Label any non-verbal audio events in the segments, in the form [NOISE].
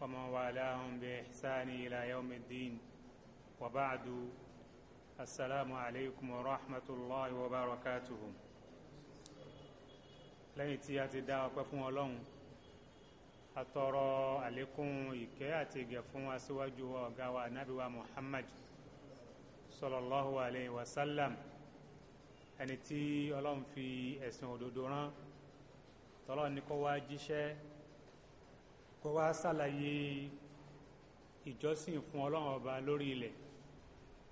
ومن والاهم بإحسان إلى يوم الدين وبعد السلام عليكم ورحمة الله وبركاته lẹ́yìn tí a ti dá ọpẹ́ fún ọlọ́run àtọrọ àlékún ìkẹ́ àti ìgẹ̀ fún aṣíwájú ọ̀gá wa nábíwá Muhammad sallallahu alayhi wa sallam ẹni tí ọlọ́run fi ẹ̀sìn òdodo rán tọ́lọ́ ní kó wá jíṣẹ́ kó wá ṣàlàyé ìjọsìn fún ọlọ́run ọba lórí ilẹ̀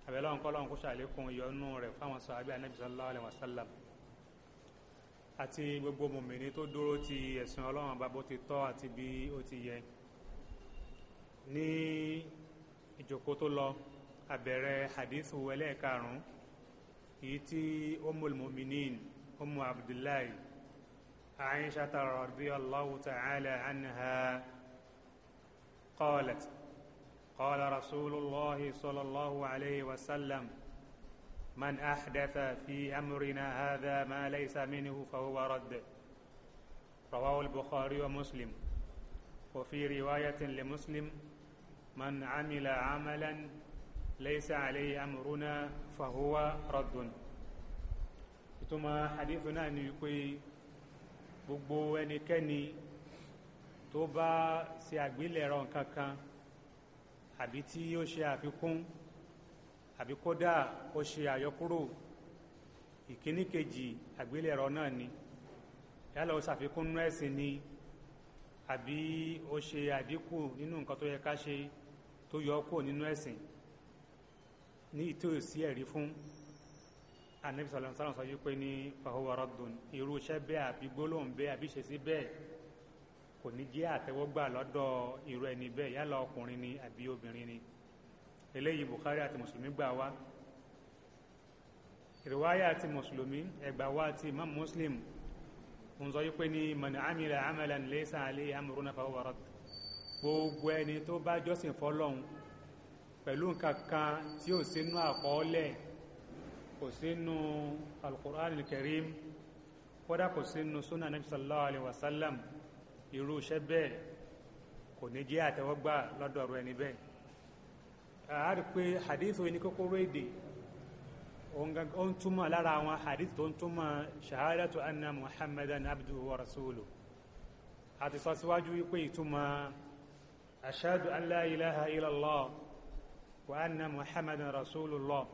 àbẹ̀lọ́run kọ́lọ́run kó ṣàlékún ìyọ́nú rẹ̀ fáwọn sàhábé Ànábì sallallahu alaihi wasallam àti gbogbo mòmìnì tó dúró ti ẹ̀sìn ọlọ́run ọba bó ti tọ́ àti bí ó ti yẹ ní ìjòkó tó lọ àbẹ̀rẹ̀ hadithu ẹlẹ́ẹ̀karùn èyí tí umul mu'minin umu abdullahi aisha radiyallahu ta'ala anha. قالت قال رسول الله صلى الله عليه وسلم من أحدث في أمرنا هذا ما ليس منه فهو رد رواه البخاري ومسلم وفي رواية لمسلم من عمل عملا ليس عليه أمرنا فهو رد ثم حديثنا ان يكون wípé tó bá ṣe àgbélẹ̀rọ nǹkan kan àbí tí ó ṣe àfikún àbí kódà ó ṣe àyọkúrò ìkíní kejì àgbélẹ̀rọ náà ni yálà ó ṣàfikún nú ẹ̀sìn ni àbí ó ṣe àdínkù nínú nǹkan tó yẹ ká ṣe tó yọ kúrò nínú ẹ̀sìn ní ìtòyò sí ẹ̀rí fún anabi sallallahu alaihi ní fahuwa raddun irú iṣẹ́ bẹ́ẹ̀ àbí gbólóhùn bẹ́ẹ̀ àbí ìṣesí bẹ́ẹ̀ kò ní jẹ́ àtẹ́wọ́gbà lọ́dọ̀ irú ẹni bẹ́ẹ̀ yálà ọkùnrin ni àbí obìnrin ni eléyìí Bukhari àti mùsùlùmí gbà wá ìrìwáyà àti mùsùlùmí ẹgbà wá àti imam muslim ń sọ wípé ní man amila amalan laysa alayhi amruna fahuwa radd gbogbo ẹni tó bá jọ́sìn fọlọ́hun pẹ̀lú nǹkan kan tí ò sínú àkọọ́lẹ̀ kò sínú al-Qur'an kódà kò sínú sunnah nabi sallallahu alayhi wa sallam irú iṣẹ́ bẹ́ẹ̀ kò ní jẹ́ àtẹ́wọ́gbà lọ́dọ̀ ọ̀rọ̀ ẹni bẹ́ẹ̀ a rí pé hadith oyin kókóró èdè ó ń túmọ̀ lára àwọn hadith tó ń túmọ̀ shahadatu anna muhammadan abduhu wa rasuluhu àti sọ síwájú wípé ìtumọ̀ ashadu an la ilaha illallah wa anna muhammadan rasulullah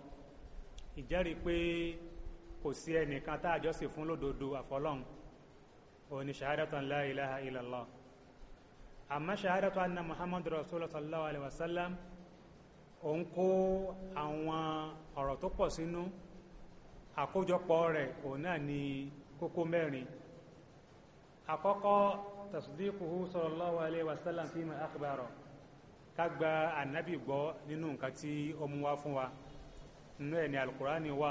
ìjẹ́rìí pé kò sí ẹnìkan tá a jọ́sìn fún lódodo àfọlọ́hun òní ṣahadatu an la ilaha illallah àmọ́ ṣahadatu anna muhammadu rasulullah sallallahu alaihi wasallam òun kó àwọn ọ̀rọ̀ tó pọ̀ sínú àkójọpọ̀ rẹ̀ òun náà ní kókó mẹ́rin àkọ́kọ́ tasdiquhu sallallahu alaihi wasallam fima akhbara ká gba ànábì gbọ́ nínú nǹkan tí ó mú wá fún wa nínú ẹ̀ ní alukurani wà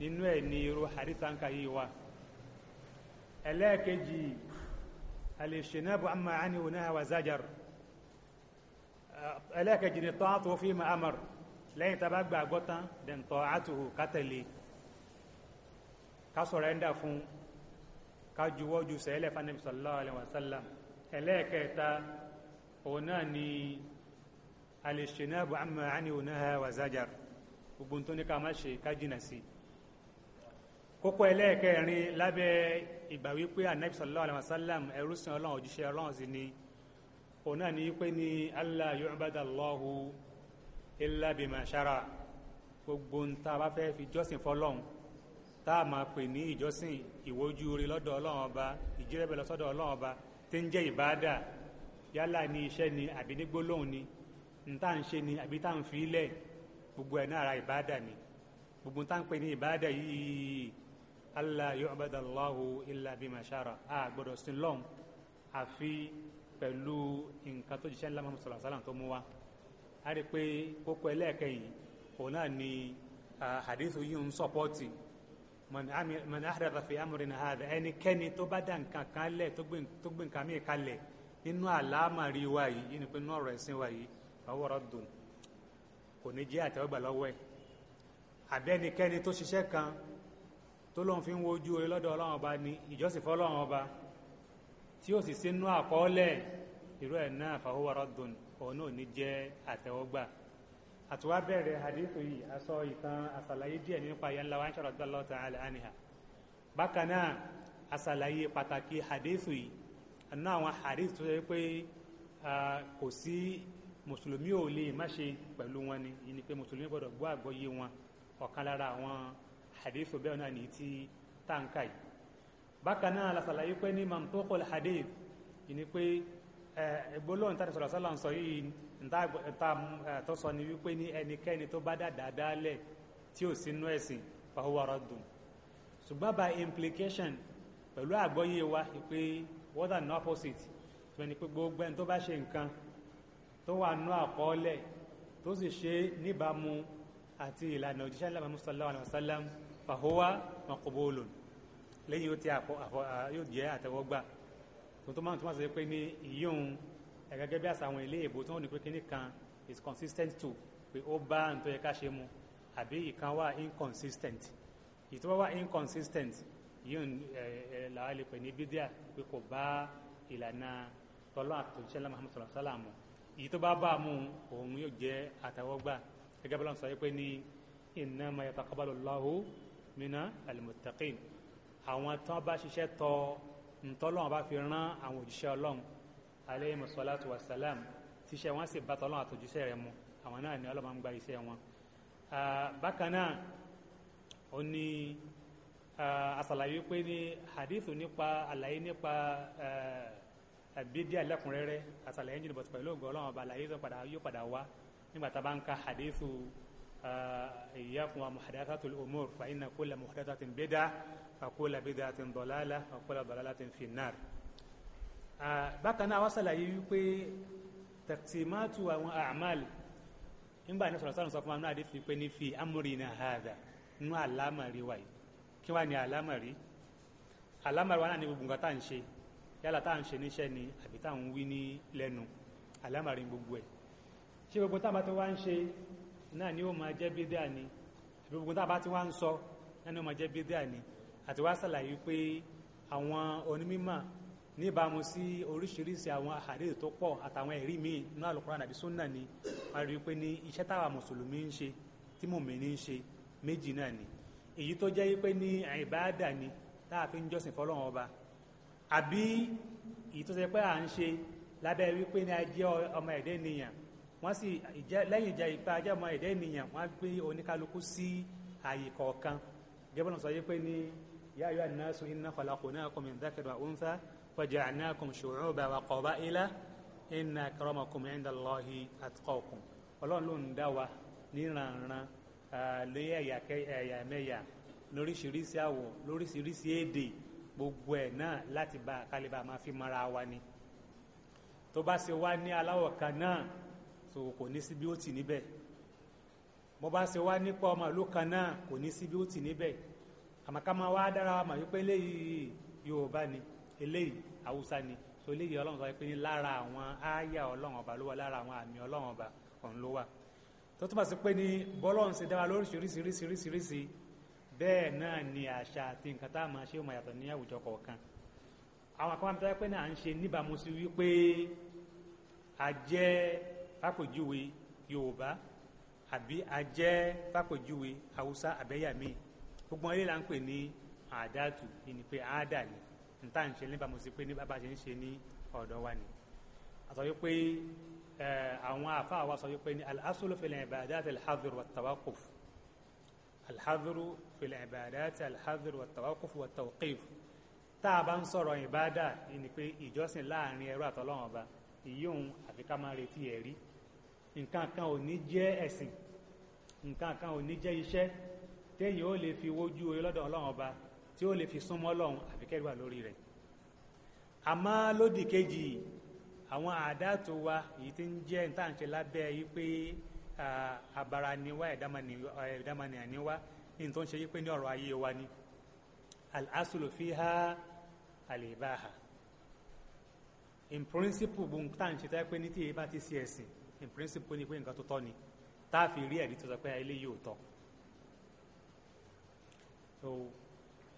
nínú ẹ̀ ní irú harisanka yìí wà ẹlẹ́ẹ̀kejì alìṣẹ́nàbù àmà àníwò náà wà zájar ẹlẹ́ẹ̀kejì ni tọ́átù fi ma amar lẹ́yìn tàbá gbà gọ́tán dẹ̀n tọ́átù kátẹ̀lé ká sọ̀rẹ́ndà fún ká juwọ́ ju sẹ́lẹ̀ fanabi sallallahu alaihi wasallam ẹlẹ́ẹ̀kẹta òun náà ni alìṣẹ́nàbù àmà kókó ẹlẹ́ẹ̀kẹrin lábẹ́ ìgbà wípé anabi sallallahu alayhi wa sallam ẹrú sin ọlọ́run òjíṣẹ́ ọlọ́run sí ni òun náà ní pé ní allah yu'bada allahu illa bima gbogbo ń ta bá fẹ́ fi jọ́sìn fọlọ́run tá a máa pè ní ìjọ́sìn ìwójú rí lọ́dọ̀ ọlọ́run ọba ìjírẹ́bẹ̀ lọ́sọ́dọ̀ ọlọ́run ọba tí ń jẹ́ ìbáadà yálà ni àbí ní ni ń tá ni àbí tá ń gbogbo ẹ̀ náà ara ìbáadà ni gbogbo ń tá allah yu'bada allahu illa bima shara a gbọ́dọ̀ sin lọ́hùn àfi pẹ̀lú nǹkan tó jíṣẹ́ ńlá muhammadu sallallahu alaihi wasallam tó mú wa a rí i pé kókó ẹlẹ́ẹ̀kẹyìn òun náà ni hadithu yìí ń sọpọ́tì man ahdatha fi amrina hadha ẹnikẹ́ni tó bá dá nǹkan kan lẹ̀ tó gbé nǹkan míì kalẹ̀ nínú àlámàrí wa yìí yìí ni pé nínú ọ̀rọ̀ wa yìí ọwọ́ rọ̀ dùn kò ní jẹ́ àtẹ́wọ́gbà lọ́wọ́ ẹ̀ tó ṣiṣẹ́ kan tó lóun fi ń wojú orí lọ́dọ̀ ọlọ́run ọba ni ìjọsìn fọlọ́run ọba tí ó sì sínú àkọọ́lẹ̀ irú ẹ̀ náà fahuwa raddun òun náà ní jẹ́ àtẹ̀wọ́gbà àtúwá bẹ̀rẹ̀ hadithu yìí aṣọ ìtàn àṣàlàyé díẹ̀ nípa ìyá ńlá wa ń ṣọ̀rọ̀ dọ́lọ́ ta'ala anha bákan náà àṣàlàyé pàtàkì hadithu yìí àná àwọn hadith tó yẹ pé kò sí mùsùlùmí ò lè má ṣe pẹ̀lú wọn ni ìyẹn pé mùsùlùmí gbọ́dọ̀ gbọ́ àgbọ́yé wọn ọ̀kan lára àwọn hadith bẹ́ẹ̀ náà ní ti táǹkà yìí bákan náà lásàlàyé pé ní mamtoko hadith ìní pé gbólóhùn tàbí sọ̀rọ̀ sọ́lá ń sọ yìí níta tó sọ ni wípé ní ẹnikẹ́ni tó bá dáadáa dálẹ̀ tí ò sínú ẹ̀sìn fahuwa raddun ṣùgbọ́n by implication pẹ̀lú àgbọ́yé wa pé what an opposite tó ní pé gbogbo ẹni tó bá ṣe nǹkan tó wà nú àkọọ́lẹ̀ tó sì ṣe níbàámu àti ìlànà òjíṣẹ́ lábàámu sallallahu alaihi fàhówá mọ̀kòbólò lẹ́yìn ó ti yóò jẹ́ àtẹwọ́gbà tó tó máa tó máa sọ pé ní ìyóhun ẹ̀gẹ́gẹ́ bí àṣà àwọn ilé ìbò tó ń ní pé kíní kan is consistent to pé ó bá ntọ́ yẹ ká ṣe mu àbí ìkan wà inconsistent ìtọ́ wà inconsistent yóhun làwọn lè pè ní bídíà pé kò bá ìlànà tọ́lọ́ àtòjíṣẹ́lá Muhammad sallallahu alaihi wasallam èyí tó bá bá a mú òun yóò jẹ́ àtẹwọ́gbà gẹ́gẹ́ bí wọ́n sọ pé ní innama yataqabbalu Allahu mina alimuttaqin àwọn tí wọ́n bá ṣiṣẹ́ tọ ntọ́lọ́wọ́n bá fi rán àwọn òjíṣẹ́ ọlọ́run aleyhi musalatu wa salam tíṣẹ́ wọn sì bá tọ́lọ́wọ́n àtòjíṣẹ́ rẹ̀ mu àwọn náà ni ọlọ́mọ ń gba iṣẹ́ wọn. bákan náà ó ní àṣàlàyé pé ní hadith nípa àlàyé nípa bídíà lẹ́kùnrẹ́rẹ́ àṣàlàyé jìnnà bọ̀tí pẹ̀lú ògùn ọlọ́run ọba àlàyé yóò padà wá nígbà tá a bá ń ka hadithu إياكم ومحدثات الأمور فإن كل محدثة بدعة وكل بدعة ضلالة وكل ضلالة في النار bákan náà wá sàlàyé wípé tàtìmátù àwọn àmàl nígbà ní sọ̀rọ̀ sọ̀rọ̀ sọ fún wa náà dé fi pé ní fi amúrinà hàdà nú àlámàrí wáyé kí wá ní àlámàrí àlámàrí wa náà ní gbogbo nǹkan tá à ń ṣe yálà tá à ń ṣe níṣẹ́ ni àbí tá à ń wí ní lẹ́nu àlámàrí gbogbo ẹ̀ ṣé gbogbo táwọn bá tó wá ń ṣe náà ni ó máa jẹ́ bídíà ni àbí gbogbo tá a bá ti wá ń sọ náà ni ó máa jẹ́ bídíà ni àti wá ṣàlàyé pé àwọn onímọ̀ níbàámu sí oríṣiríṣi àwọn àhàdíìsì tó pọ̀ àtàwọn ẹ̀rí míì nínú àlùkùránì àbí súnà ni wọ́n rí i pé ní iṣẹ́ táwa mùsùlùmí ń ṣe tí mùmíní ń ṣe méjì náà ni èyí tó jẹ́ pé ní ìbáàdà ni tá a fi ń jọ́sìn fọlọ́run ọba àbí èyí tó ṣe pé à ń ṣe lábẹ́ wípé ní a ọmọ ẹ̀dẹ́ nìyàn wọ́n sì lẹ́yìn ìjà ìpa ajẹ́mọ́ ẹ̀dẹ́ ènìyàn wọ́n gbé oníkálukú sí ààyè kọ̀ọ̀kan gẹ́gẹ́ lọ́sọ yé pé ní ya ayyuhan nasu inna khalaqnakum min dhakarin wa untha wa ja'alnakum shu'uban wa qaba'ila inna akramakum 'inda Allahi atqakum ọlọ́run ló ń dá wa níranran lé ẹ̀yà mẹ́yà lóríṣiríṣi àwọ̀ lóríṣiríṣi èdè gbogbo ẹ̀ náà láti bá kálíbà máa fi mara wa ni tó bá ṣe wá ní aláwọ̀ kan náà so kò ní sí bí ó ti níbẹ̀ bó bá ṣe wá nípa ọmọ ìlú kan náà kò ní sí bí ó ti níbẹ̀ àmọ́ ká máa wá dára wa mà wípé eléyìí Yorùbá ni eléyìí Haúsá ni so eléyìí Ọlọ́run sọ pé ní lára àwọn ááyà Ọlọ́run ọba ló wà lára àwọn àmì Ọlọ́run ọba ọ̀hún ló wà tó túmọ̀ sí pé ní bọ́lọ́run ṣe dá lóríṣiríṣiríṣiríṣi bẹ́ẹ̀ náà ni àṣà àti nǹkan tá a máa ṣe ó máa yàtọ̀ ní àwùjọ kọ̀ọ̀kan àwọn kan máa ń tẹ́ pé náà à ń ṣe níbàámu sí wípé a fàpèjúwe yorùbá àbí ajẹ́ fàpèjúwe haúsá àbẹ́yàmí gbogbo ilé la ń pè ní àdàtù ìní pé àádà ni níta ń ṣe níbàámu sí pé ní bàbá ṣe ń ṣe ní ọ̀dọ̀ wa ni àtọ́ yìí pé àwọn àfáà wa sọ yìí pé ní al-aslu fil ibadat al wa at-tawaquf al-hadhr fil ibadat wa at wa at tá a bá ń sọ̀rọ̀ ìbádà ni pé ìjọsìn láàrin ẹrú àtọlọ́wọ́n ọba ìyóhun àfi máa retí ẹ̀rí nǹkan kan ò ní jẹ́ ẹ̀sìn nǹkan kan ò ní jẹ́ iṣẹ́ téèyàn ó lè fi wojú orí lọ́dọ̀ ọlọ́run ọba tí ó lè fi súnmọ́ ọlọ́run àfikẹ́gbà lórí rẹ̀ àmọ́ lódì kejì àwọn àdáàtò wa èyí tí ń jẹ́ ní tàǹṣe lábẹ́ yìí pé àbára ni wá ẹ̀dámanìyàn ni wá ní tó ń ṣe yìí pé ní ọ̀rọ̀ ayé wa ni al-aslu fiha al-ibaha in principle gbogbo tàǹṣe táyé pé ní tí èyí bá ti ṣe ẹ̀sìn in principle ní pé nǹkan tó tọ́ ni tá a fi rí ẹ̀rí tó sọ pé ilé yìí ò tọ́ so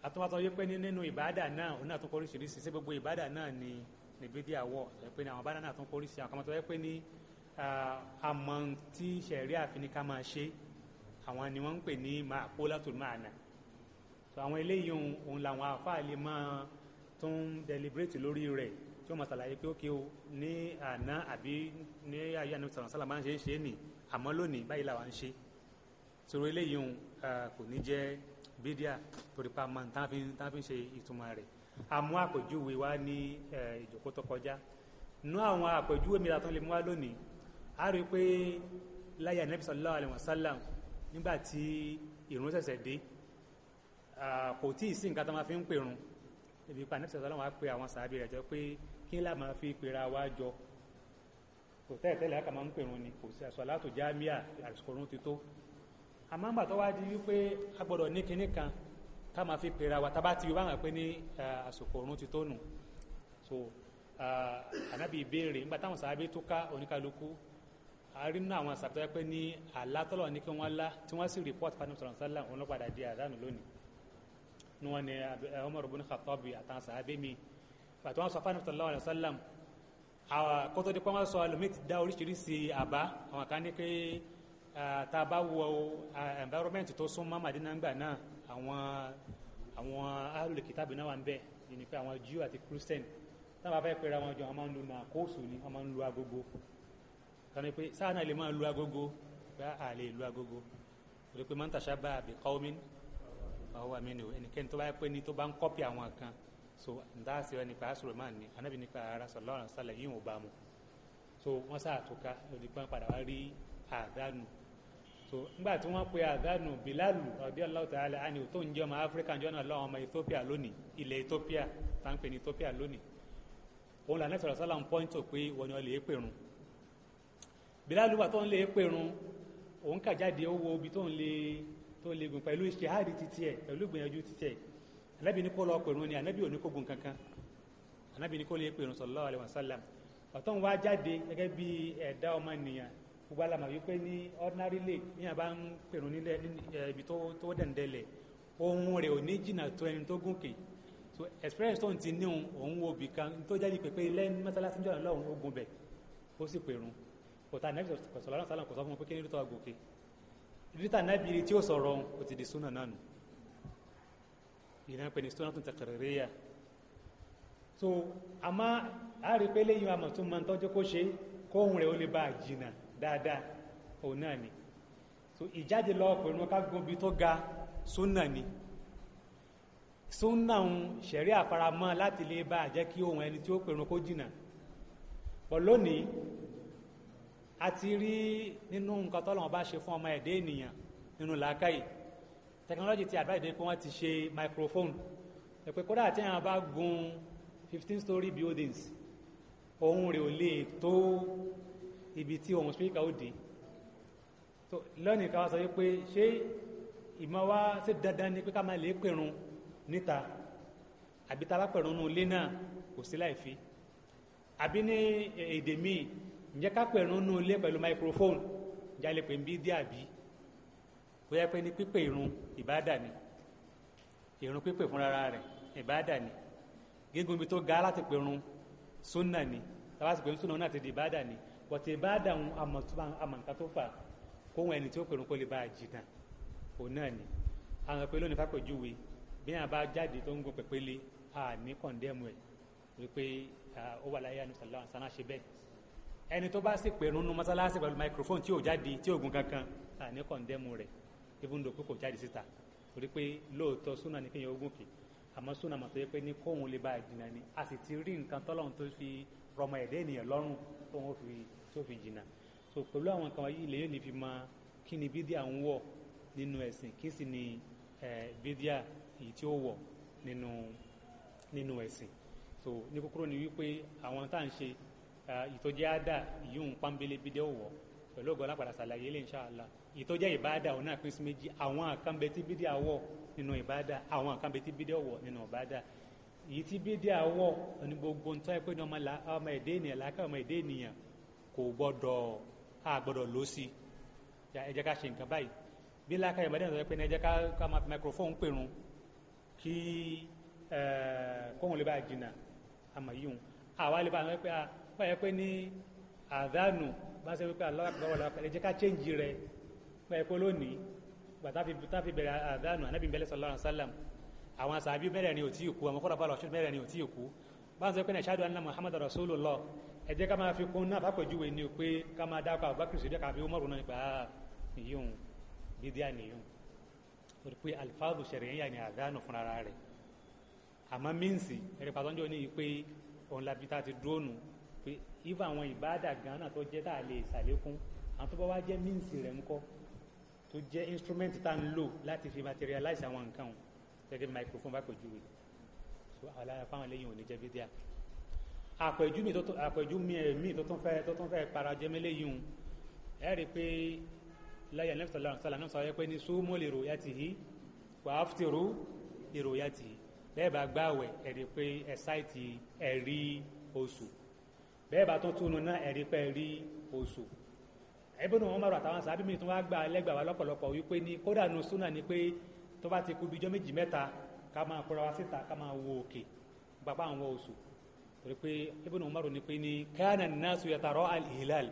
àtúwàtọ̀ yìí pé nínú ìbádà náà òun náà tún kóríṣiríṣi sí gbogbo ìbádà náà ni níbi díà wọ̀ ẹ pé àwọn bádà náà tún kóríṣi àwọn kan tó yẹ pé ní àmọ́ tí sẹ̀rí àfin ká máa ṣe àwọn ni wọ́n ń pè ní máa kó látò máa nà so àwọn eléyìí òun làwọn àfáà lè máa tún deliberate lórí rẹ̀ tí wọ́n mọ̀ sàlàyé pé ókè o ní àná àbí ní ayé àná sọ̀rọ̀ sálà máa ń ṣe é ṣe é nì àmọ́ lónìí báyìí làwọn ń ṣe sọ̀rọ̀ eléyìí òun kò ní jẹ́ bídíà torí pa máa tá a fi ń ṣe ìtumọ̀ rẹ̀ àmọ́ àpèjúwe wa ní ìjòkó tó kọjá nú àwọn àpèjúwe mi látọ́ lè mú wa lónìí a rí i pé láyé ànábì sallallahu alaihi wasallam nígbà tí ìrun ṣẹ̀ṣẹ̀ dé kò tí ì sí nǹkan tó máa fi ń pèrun ibi pa ànábì sallallahu pe àwọn sàábì rẹ̀ jọ pé kí la máa fi pera wá jọ kò tẹ́ẹ̀tẹ́lẹ̀ aka máa ń pèrún ni kò sí àsọ̀látò jámíà àsìkòrún ti tó àmọ́ ń gbà tó wá di wípé a gbọ́dọ̀ ní kinní kan ká máa fi pera wa tá ti wá hàn pé ní àsìkòrún ti tó nù so ànábì ìbéèrè nígbà táwọn sàábé tó ká oníkálukú arínú àwọn sàbẹ̀tọ́ pé ní àlátọ́lọ̀ ní kí wọ́n lá tí wọ́n sì rìpọ́t fún àwọn sàlám òun ló padà di àdánù lónìí ni wọ́n ní Umar ibn Khattabi àtàwọn sàábé mi pàtó wọn sọ fún sallallahu alaihi wasallam àwọn kótó dípọ́ wọn sọ ẹlòmíì ti dá oríṣiríṣi àbá àwọn kan ní pé tá a bá wo environment tó súnmọ́ Màdínà ńgbà náà àwọn àwọn alùlù kìtàbí náà wà ń bẹ̀ ní pé àwọn Jew àti Christian táwọn bá fẹ́ pera wọn jọ wọn máa ń lu náà kóòsù ni wọn máa ń lu agogo kan ní pé sáà náà lè máa lu agogo pé a lè lu agogo torí pé man tashabbaha bi qawmin fahuwa ẹnikẹ́ni tó bá ń kọ́pì àwọn kan so nta sèrè nípa Suleiman ni anabi nípa ara sallallahu alaihi wasallam yìí ò bá so wọn sàtúka lòdì pọn padà wá rí àdánù so nígbà tí wọn pe àdánù Bilalu radiyallahu ta'ala anhu tó ń jẹ ọmọ Áfíríkà jọ náà lọ́wọ́ ọmọ Ethiopia lónìí ilẹ̀ Ethiopia tá ń pè ní Ethiopia lónìí òun là nẹ́sọ̀rọ̀ sálà ń pọ́ńtò pé wọ́n ni wọ́n lè pèrún Bilalu wà tó ń lè pèrún òun kà jáde owó ibi tó ń lè tó ń lè gùn pẹ̀lú ìṣe àárí títí ẹ̀ pẹ̀lú ìgbìyànjú títí ẹ̀ anabi ní kó lọ pèrún ni anabi ò ní kó gun kankan anabi ní kó lè pèrún sallallahu alaihi wasallam ọ̀tọ̀ wa wá jáde gẹ́gẹ́ bí ẹ̀dá ọmọ ènìyàn gbogbo alama wípé ní ordinary lake níyàn bá ń pèrún nílẹ̀ ibi tó dẹ̀ndẹ̀lẹ̀ ohun rẹ̀ ò ní jìnnà tó ẹni tó gùnkè so experience tó ń ti níhun òun wo bì kan tó jáde pépé lẹ́yìn mọ́sálásí ń jọ̀rọ̀ lọ́hùn ogun bẹ̀ ó sì pèrún kò tá anabi sallallahu alaihi wasallam kò sọ fún mi pé kí ní rí tó gòkè rí tá anabi tí ó sọ̀rọ̀ ó ti di súnà náà nù ìran pè ní sọ́nà tó tẹ̀kẹ̀rẹ̀rẹ̀ yà so àmọ́ a rí pé lẹ́yìn àmọ̀ tó máa ń tọ́jú kó ṣe kóhun rẹ̀ ó lè bá jìnnà dáadáa òun náà ni so ìjáde lọ pẹ̀lú ká gbóbi tó ga súnà ni súnà ń ṣẹ̀rí àfaramọ́ láti lè bá jẹ́ kí ohun ẹni tí ó pẹ̀lú kó jìnnà pọ̀ lónìí a ti rí nínú nǹkan tọ́lọ́wọ́n bá ṣe fún ọmọ ẹ̀dẹ́ ènìyàn nínú làákàyè technology ti advice dé pé wọ́n ti ṣe microphone ẹ̀pẹ́ kódà tí wọ́n bá gun fifteen story buildings ohun rẹ̀ ò lè tó ibi tí ohun speaker ó dé so lónìí ká wá sọ wípé ṣé ìmọ̀ wa ṣe dandan ni pé ká máa lè pèrun níta àbí tá a bá pèrun nínú ilé náà kò sí láì fi àbí ní èdè míì ǹjẹ́ ká pèrun nínú ilé pẹ̀lú microphone ǹjẹ́ a lè pè ń bí dí àbí bóyá pé ní pípé irun ìbáàdà ni irun pípé fúnra rẹ̀ ìbáàdà ni gígùn ibi tó ga láti pè irun súnà ni tàbá sì pè irun súnà náà ti di ìbáàdà ni bọ̀tẹ̀ ìbáàdà ń amọ̀nká tó fà kóhun ẹni tí ó pè irun kó lè bá a jìnnà òun náà ni àwọn pẹ̀lú ní fàpèjúwe bí wọn bá jáde tó ń gun pèpele àní kọ̀ǹdẹ́mù ẹ̀ wípé ó wà láyé àánú sàlọ́ àǹsáná ṣe bẹ́ẹ̀ ẹni tó bá sì pè irun nu mọ́sálásí pẹ̀lú microphone tí ò jáde tí ò gun kankan àní kọ̀ǹdẹ́mù rẹ̀ even though pé kò jáde síta torí pé lóòótọ́ súnà ní kéèyàn ogun kì àmọ́ súnà mọ̀ tó yẹ pé ní kóhun lè bá jìnnà ni a sì ti rí nǹkan tọ́lọ́run tó fi rọmọ ẹ̀dẹ́ ènìyàn lọ́rùn tóhun fi tó fi jìnnà so pẹ̀lú àwọn nǹkan wáyé ilẹ̀ yóò ní fi mọ kí ni bídíà ń wọ̀ nínú ẹ̀sìn kí sì ni bídíà èyí tí ó wọ̀ nínú nínú ẹ̀sìn so ní kúkúrò ni wípé àwọn tá à ń ṣe ìtọ́jú àdá ìyóhùn pámbélé bídíà ò wọ̀ pẹ̀lú ògo alápàdà ṣàlàyé lè ṣàlà ìtọ́ jẹ́ ìbáàdà òun náà pín sí méjì àwọn nǹkan bẹ tí bídíà wọ̀ nínú ìbáàdà àwọn nǹkan bẹ tí bídíà wọ̀ nínú ìbáàdà èyí tí bídíà wọ̀ ní gbogbo ntọ́ ẹ pé ní ọmọ èdè ènìyàn lákà ọmọ èdè ènìyàn kò gbọ́dọ̀ a gbọ́dọ̀ lọ sí ẹ jẹ́ ká ṣe nǹkan báyìí bí lákà ìbáàdà ìtọ́ ẹ pé àdánù bá ṣe wípé aláwàkọ̀ọ́wọ́ làwọn ẹ̀jẹ̀ ká chẹ́ǹjì rẹ̀ pẹ̀ẹ́pẹ́ lónìí gbàtàfi bẹ̀rẹ̀ àdánù anábì bẹ́lẹ̀ sallallahu alaihi wasallam àwọn àṣàbí mẹ́rẹ̀ ni ò tí ì kú àwọn kọ́ra bá lọ́ṣọ́ mẹ́rẹ̀ ni ò tí ì kú bá ń sọ pé nàìjíríà ńlá muhammadu rasulullah ẹ jẹ́ ká máa fi kún náà fàpẹ̀júwe ni pé ká máa dákọ̀ àbúbákìrì sí ìjọba àfi umaru náà nípa ah, nìyíhun bídíà nìyíhun ó rí pé alifáàdù ṣẹ̀rẹ̀ yẹn yà ní àdánù fúnra rẹ̀ àmọ́ míǹsì ẹ̀rẹ̀ pàtọ́njọ́ ní pé òun labi tá a ti dúró nù pé ibà àwọn ìbáàdà gánà tó jẹ́ tá a lè ṣàlékún àwọn tó bá wá jẹ́ míǹsì rẹ̀ ńkọ́ tó jẹ́ instrument tá ń lò láti fi materialize àwọn nǹkan o gẹ́gẹ́ bí microphone bá pèjúwe so àwọn alára fáwọn eléyìí ò ní jẹ́ bídíà àpèjú mi àpèjú eh, mi tó tún fẹ́ tó tún fẹ́ para jẹ́ mẹ́lẹ́yìí o ẹ rí i pé láyé anẹ́fẹ́ sọlá sọlá náà sọ yẹ pé ní súnmọ́ lè ròyà tì í wà á fi rú lè tì í bẹ́ẹ̀ bá gbààwẹ̀ ẹ rí i pé ẹ sáìtì ẹ rí oṣù bẹ́ẹ̀ bá tó túnu náà ẹ̀rí pẹ́ rí oṣù ẹbùnú wọn mọ̀rọ̀ àtàwọn sábẹ́ mi tó wá gba ẹlẹ́gbàá wa lọ́pọ̀lọpọ̀ wípé ní kódà nu súnà ni pé tó bá ti kú bíjọ́ méjì mẹ́ta ká máa kóra wá síta ká máa wo òkè gbapá àwọn oṣù torí pé ẹbùnú wọn mọ̀rọ̀ ni pé ní káyánà nàásù yàtàrọ́ al-hilal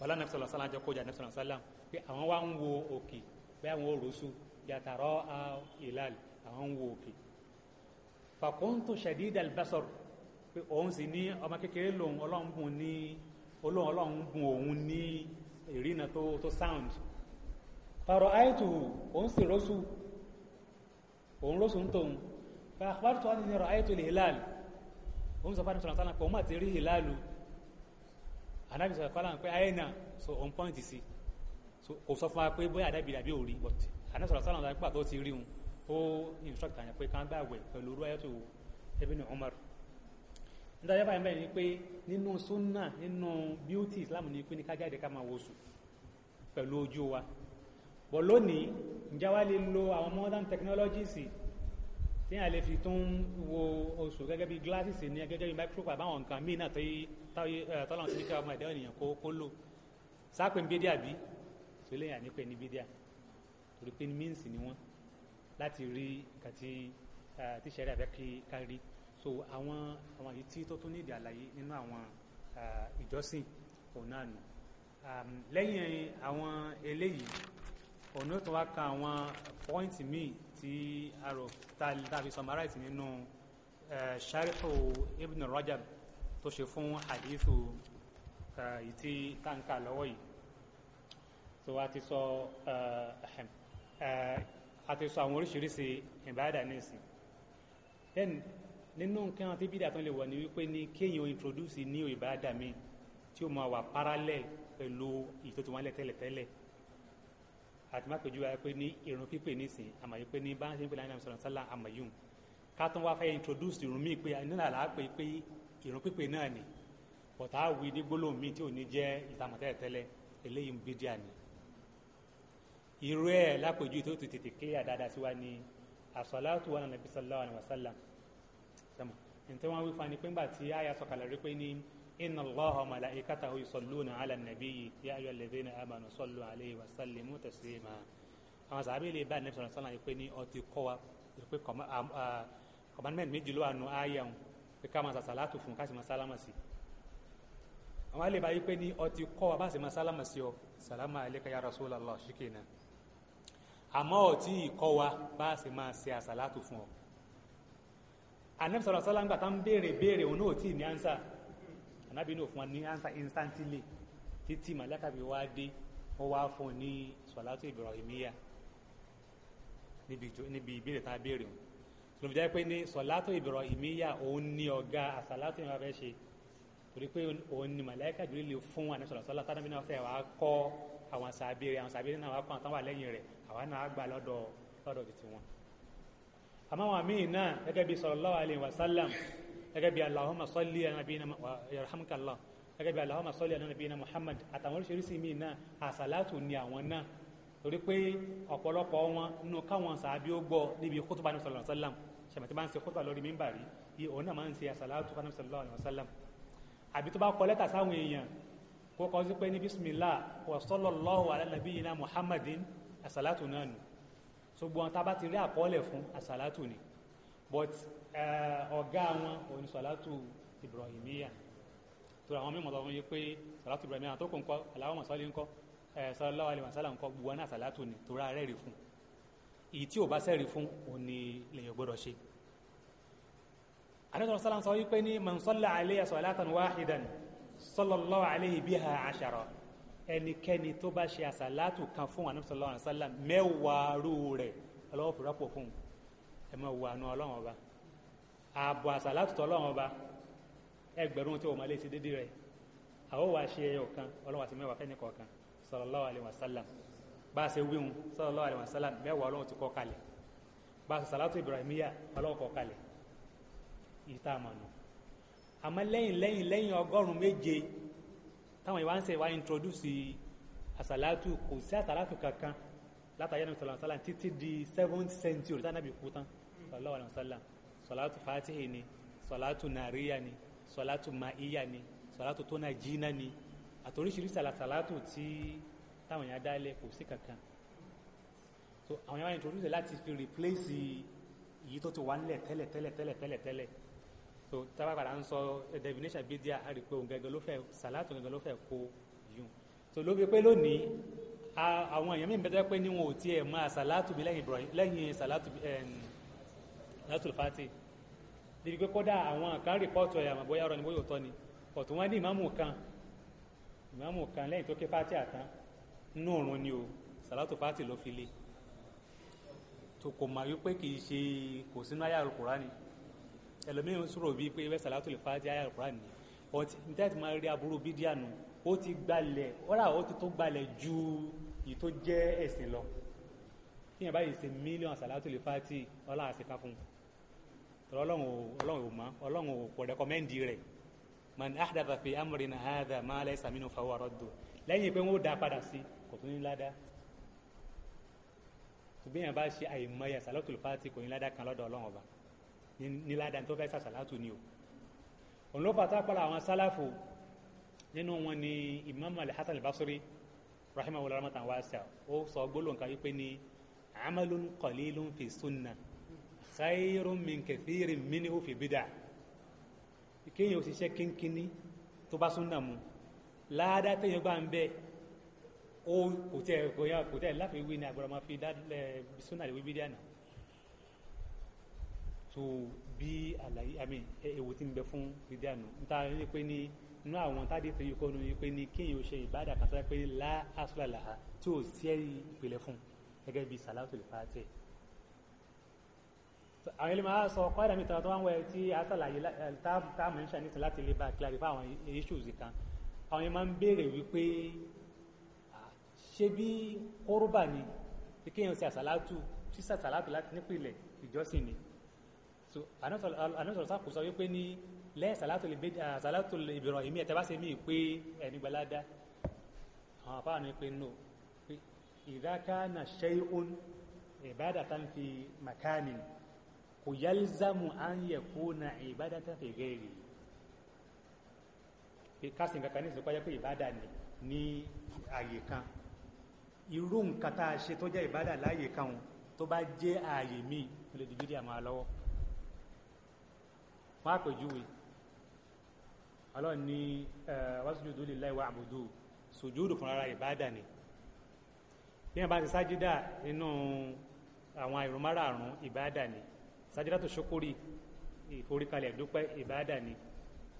wàlá nàfṣàlá sálá jẹ́ kójà nàfṣàlá sálá pé àwọn wá ń wo òkè bẹ́ẹ̀ àwọn òrùsù yàtàrọ́ al-hilal àwọn ń wo òkè fàkóńtò ṣadídàl basar pé òun sì ní ọmọ kékeré lòun ọlọ́run bùn ní olóhùn ọlọ́run bùn òun ní ìrìnà tó tó sound pàrọ̀ àìtù òun sì rọ́sù òun rọ́sù ń tóun fa àkpàrọ̀ tó wà nínú ọ̀rọ̀ àìtù lè hìláàlù òun sọ fáwọn sọ̀rọ̀ sánà pé òun mà ti rí hìláàlù anábì sọ̀rọ̀ kọ́lá pé ayé náà so òun pọ́ìntì sí kò sọ fún wa pé bóyá àdábì dàbí òrí but anábì sọ̀rọ̀ sánà pé pàtó ti rí òun ó instructor yẹn pé ká gbàgbẹ́ pẹ̀lú orú ayẹ́tù Ibn Umar nítorí báyìí mẹ́rin ni pé nínú súnà nínú beauty islam ni pé ní ká jáde ká máa wo sùn pẹ̀lú ojú wa bọ̀ lónìí ǹjẹ́ wá lè lo àwọn modern technologies tí a lè fi tún wo oṣù gẹ́gẹ́ bí glasses ni gẹ́gẹ́ bí microscope àbáwọn nǹkan míì náà tọ́lọ́n sí ní kí ọmọ ẹ̀dá ènìyàn kó lò sápẹ́ ní bídíà bí tó lè ní pé ní bídíà torí pé ní míǹsì ni wọ́n láti rí nǹkan tí eh, tíṣẹ́rẹ́ àbẹ́kí ká rí so àwọn àwọn yìí tí tó tún ní ìdí àlàyé nínú àwọn ìjọsìn òun náà nù lẹ́yìn àwọn eléyìí òun náà tó wá ka àwọn pọ́ìntì míì tí a rò tàbí summarize nínú sharifu ibn Rajab tó ṣe fún hadithu yìí tí táǹkà lọ́wọ́ yìí so a ti sọ a ti sọ àwọn oríṣiríṣi ìbáàdà ní ìsìn nínú nǹkan tí bídà tán lè wọ̀ ni wípé ní kéèyàn introduce ní ìbáradà mi tí ó máa wà parallel pẹ̀lú ìtòtò wọn tẹ́lẹ̀tẹ́lẹ̀ àti má pèjú wáyé pé ní ìrun pípé nísìn àmọ́ yìí pé ní bá ń ṣe ń pè láyé sọ̀rọ̀ sálà àmọ́ yìí ká tán wá fẹ́ introduce ìrun míì pé nínú àlá pé pé pípé náà ni bọ̀tá wí ní gbólóhùn míì tí ò ní jẹ́ ìtàmọ̀ tẹ́lẹ̀tẹ́lẹ̀ eléyìí ń bídíà ni irú ẹ̀ lápèjú tó tètè kéyà dáadáa sí wa ni àsọ̀lá tó wà nàbí sallallahu alaihi wasallam nítorí wọn wí fún ẹni pé ńgbà tí àyà sọ̀kalẹ̀ rí pé ní inna Allaha wa malaikatahu yusalluna ala nabiyyi ya ayyuhalladhina amanu sallu alayhi wa sallimu taslima àwọn sàbẹ̀ lè bá nẹ́bí sọ̀rọ̀ sọ́nà pé ní ọtí kọ́ wa pé commandment méjì ló wà nù àyà wọn pé ká máa sà sàlátù fún ká sì sálámà sí àwọn àlè báyìí pé ní ọtí kọ́ wa bá sì máa sálámà sí ọ sàlámà alayka ya Rasulullah ṣìkìnà àmọ́ ọtí ìkọ́ wa bá sì máa ṣe àsàlátù fún ọ anabi sọ̀rọ̀ sọ́lá ń gbà tán béèrè béèrè òun náà tí ní ánsà anabi náà fún wa ní ánsà instantly títí màláka bí wá dé ó wá fún ní sọ̀látò Ibrahimiyya níbi ìbéèrè tá a béèrè òun ló fi jẹ́ pé ní sọ̀látò Ibrahimiyya òun ní ọ̀gá àsàlátò ìmọ̀ abẹ́ ṣe torí pé òun ní màláka jùlọ lè fún anabi sọ̀rọ̀ sọ́lá tánàbí náà fẹ́ wàá kọ́ àwọn sàbẹ̀rẹ̀ àwọn sàbẹ̀rẹ̀ náà wàá kọ́ àwọn tán rẹ̀ àwa náà gbà lọ́dọ̀ lọ́dọ̀ àmọ́ àwọn míì náà gẹ́gẹ́ bí sallallahu alaihi wasallam gẹ́gẹ́ bí Allahumma salli ala nabiyina yarhamukallah gẹ́gẹ́ bí Allahumma salli ala nabiyina Muhammad àtàwọn oríṣiríṣi míì náà àsàlátù ni àwọn náà torí pé ọ̀pọ̀lọpọ̀ wọn nínú káwọn sàábí ó gbọ́ níbi khutbah ní sallallahu alaihi wasallam sẹ̀mẹ̀tì bá ń ṣe khutbah lórí mímbàrí yìí òun náà máa ń ṣe àsàlátù sallallahu alaihi wasallam àbí tó bá kọ lẹ́tà sáwọn èèyàn kó kọ sí pé ní bismillah wa sallallahu ala nabiyina Muhammadin àsàlátù náà so gbọ́n tá a bá ti rí àkọọ́lẹ̀ fún àsàlátù ni but ọ̀gá wọn òní sàlátù ibrahimiya tó àwọn mímọ̀ tó fún yí pé sàlátù ibrahimiya tó kò ń kọ́ aláwọ̀ mọ̀sálí ń kọ́ sallallahu alaihi wasallam ń kọ́ gbogbo náà sàlátù ni tó rà rẹ́rì fún èyí tí ò bá sẹ́rì fún òní lèyìn gbọ́dọ̀ ṣe àdéhùn sàlám sọ wípé ní man salla alayya salatan wahidan sallallahu alayhi biha ashara ẹnikẹ́ni tó bá ṣe àsàlátù kan fún ànábì sallallahu alaihi wasallam mẹ́wàá rú rẹ̀ ọlọ́wọ́ fúrọ́pọ̀ fún ẹ mọ̀ wà nù ọlọ́run ọba ààbò àsàlátù tọ́ ọlọ́run ọba ẹgbẹ̀rún tí o máa lè ṣe déédéé rẹ̀ àwọn wàá ṣe ẹyọ kan ọlọ́run àti mẹ́wàá fẹ́ni kọ̀ọ̀kan sallallahu alaihi wasallam bá a ṣe wíhun sallallahu alaihi wasallam mẹ́wàá ọlọ́run ti kọ́ kalẹ̀ bá a ṣe sàlátù ibrahimiya ọlọ́run kọ́ kalẹ̀ ìta àmọ̀nà àmọ́ lẹ́yìn lẹ́yìn lẹ́yìn ọgọ́rùn-ún méje táwọn ìwà ń ṣe wá introduce àsàlátù kò sí àsàlátù kankan látàrí ẹni sọlá sọlá títí di seventh century tá nàbì kú tán sọlá wà sọlá sọlátù fatihi ni sọlátù nàríyà ni sọlátù ma'iya ni sọlátù tó náà jìnnà ni àtòríṣiríṣi àsàlátù tí táwọn èèyàn dálẹ̀ kò sí kankan so àwọn èèyàn wá introduce láti fi replace èyí tó ti wà nílẹ̀ tẹ́lẹ̀ tẹ́lẹ̀ tẹ́lẹ̀ tẹ́lẹ̀ tẹ́lẹ̀ so tábà padà ń sọ definition bídíà a rí pé òun gẹ́gẹ́ ló fẹ́ sàlátù gẹ́gẹ́ ló fẹ́ kó yùn so ló fi pé lónìí àwọn èèyàn mìíràn bẹ́tẹ́ pé níwọ̀n ò tiẹ̀ máa sàlátù mi lẹ́yìn ibrahim lẹ́yìn sàlátù sàlátù fati níbi pé kódà àwọn kan rìpọ́tù ẹ̀ àmọ́ bóyá ọ̀rọ̀ ni bóyá òótọ́ ni ọ̀tún wọn ní ìmáàmù kan ìmáàmù kan lẹ́yìn tó ké fati àtán nínú òrùn ni o sàlátù fati ló fi le tó kò mà wípé kì í ṣe kò sínú ayé àlùkùránì ni ẹlòmíràn sọ̀rọ̀ bíi pé ìwé sàlátù lè fàájì àyà kúrà ní but níta ti máa rí aburú bídíà nù ó ti gbalẹ̀ ọ̀rà ó ti tó gbalẹ̀ ju èyí tó jẹ́ ẹ̀sìn lọ kí yẹn báyìí ṣe mílíọ̀n sàlátù lè fàájì ọlá àṣekà fún un ọlọ́run ò ọlọ́run ò mọ̀ ọlọ́run ò kò rẹ́kọ́mẹ́ndì rẹ̀ man ahdatha fi amrina hadha ma laysa minhu fahuwa raddu lẹ́yìn pé wọ́n dá padà sí kò tún ní ládàá tùbíyàn bá ṣe àìmọye sàlátù lè fàájì kò ní ládàá kan lọ́dọ̀ ọlọ́run ọba níládàá tó fẹ́ sàṣàlátù ni o òun ló fàtà pàlà àwọn sálàfò nínú wọn ni imam al-hasan al-basri rahimahu rahmatan wasi'a ó sọ gbólóǹkà wípé ni amalun qalilun fi sunna khairun min kathirin minhu fi bid'ah kéèyàn òṣìṣẹ́ kínkínní tó bá súnà mu láàdá téèyàn gbà ń bẹ ó kò tẹ kò tẹ láfi wí ni àgbọ̀rọ̀ máa fi dá súnà lè wí bídíà náà so bí àlàyé àmì èwo tí ń bẹ fún bídíà nù níta ní pé ní inú àwọn tádé tó yíkọ́ nu pé ní kéèyàn ṣe ìbádà kan tó pé lá asúlà làhà tí ò sí ìpìlẹ̀ fún gẹ́gẹ́ bí sàlátò lè fa tẹ̀. àwọn ilé máa sọ kọ́ ẹ̀dàmí tọ́wọ́ tó wá ń wẹ̀ tí asàlàyé táàmù ń ṣàníṣe láti lè bá kíláàrí fún àwọn issues kan àwọn yẹn máa ń béèrè wípé ṣé bí kóróbà ni kéèyàn ṣe àsàlátù ṣíṣàsàlátù láti nípìnlẹ̀ ìjọsìn ni so anusọ̀rọ̀sá kò sọ wípé ní lẹ́yìn sàlátò Ibrahim ẹ̀tẹ́ bá ṣe mí pé ẹni gbalada àwọn àpá àánú pé no pé ìdáká na ṣẹ́yún ìbádàtà fi makani kò yálzámù an kó na ìbádàtà fi gẹ́rì kásìn kankan ní ìsìnkú pé ìbádà ni ní àyè kan irú nǹkan tá a ṣe tó jẹ́ ìbádà láàyè kan tó bá jẹ́ àyè míì lè dìbídì àmọ́ lọ́wọ́ pápẹ̀júwe ọlọ́run ní wasjudu lillahi wa'budu sùjúdù fúnra ìbádà ni bí wọ́n bá ti sájídà nínú àwọn ìrun márààrún ìbádà ni sájídà tó ṣókórì ìforíkalẹ̀ dúpẹ́ ìbádà ni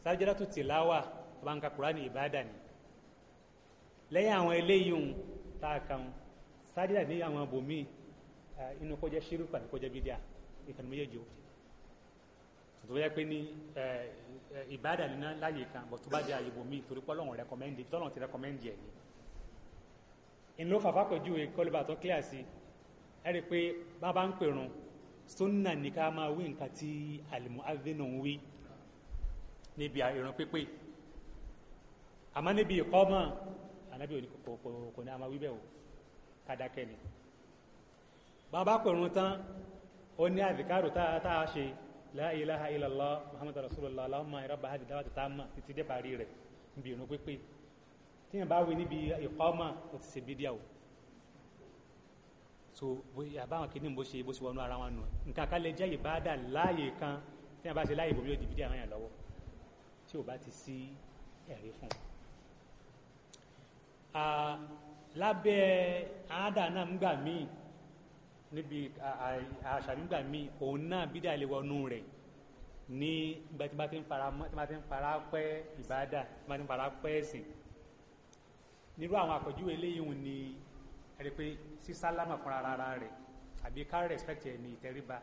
sájídà tó tìláwà tó bá ń ka kúránì ìbádà ni lẹ́yìn àwọn eléyìí ohun tá a kan sájídà ní àwọn abòmíì inú kọjá ṣírù pàdé kọjá bídíà ìkànnì méjèèjì òfin tó yẹ pé ní ìbáàdà nínú láàyè kan bọ̀ tó bá jẹ́ àyèwò míì torí pé ọlọ́run rẹkọmẹ́ndì tọ́lọ́run ti rẹkọmẹ́ndì ẹ̀ ni ìlú fàfàpẹ̀júwe kọlùbà tó kílíà sí ẹ rí i pé bàbá ń pèrun sunna ni ká máa wí nǹkan tí alimuadhinu ń wí níbi ìrun pípé àmọ́ níbi ìkọ́mọ̀ ànábì òní kò ní a máa wí bẹ́ẹ̀ o ká ni bàbá pèrun tán ó ní àdìkárò tá a ṣe la ilaha illallah muhammadu rasulullah allahumma rabba hadhihi da'wati tamma títí dé parí rẹ̀ níbi ìrun pípé tíyẹn bá wí níbi ìkọ́mà ó ti ṣe bídíà o so àbáwọn kìíní bó ṣe bó ṣe wọnú ara wọn nù nǹkan kan lè jẹ́ ìbáàdà láàyè kan tíyẹn bá ṣe láàyè bòmí ó di bídíà àwọn yàn lọ́wọ́ tí ò bá ti sí ẹ̀rí fún un lábẹ́ àádà náà ń gbà níbi àṣàgbégbà mi òun náà bídà lè wọnú rẹ̀ ní ìgbà tí bá ti ń fara mọ́ tí bá ti ń fara pẹ́ ìbádà tí bá ti ń fara pẹ́ ẹ̀sìn nírú àwọn àpèjúwe eléyìí ni ẹ̀rí pé sísálámà fúnra rárá rẹ̀ àbí ká respect ẹ̀ ní ìtẹríba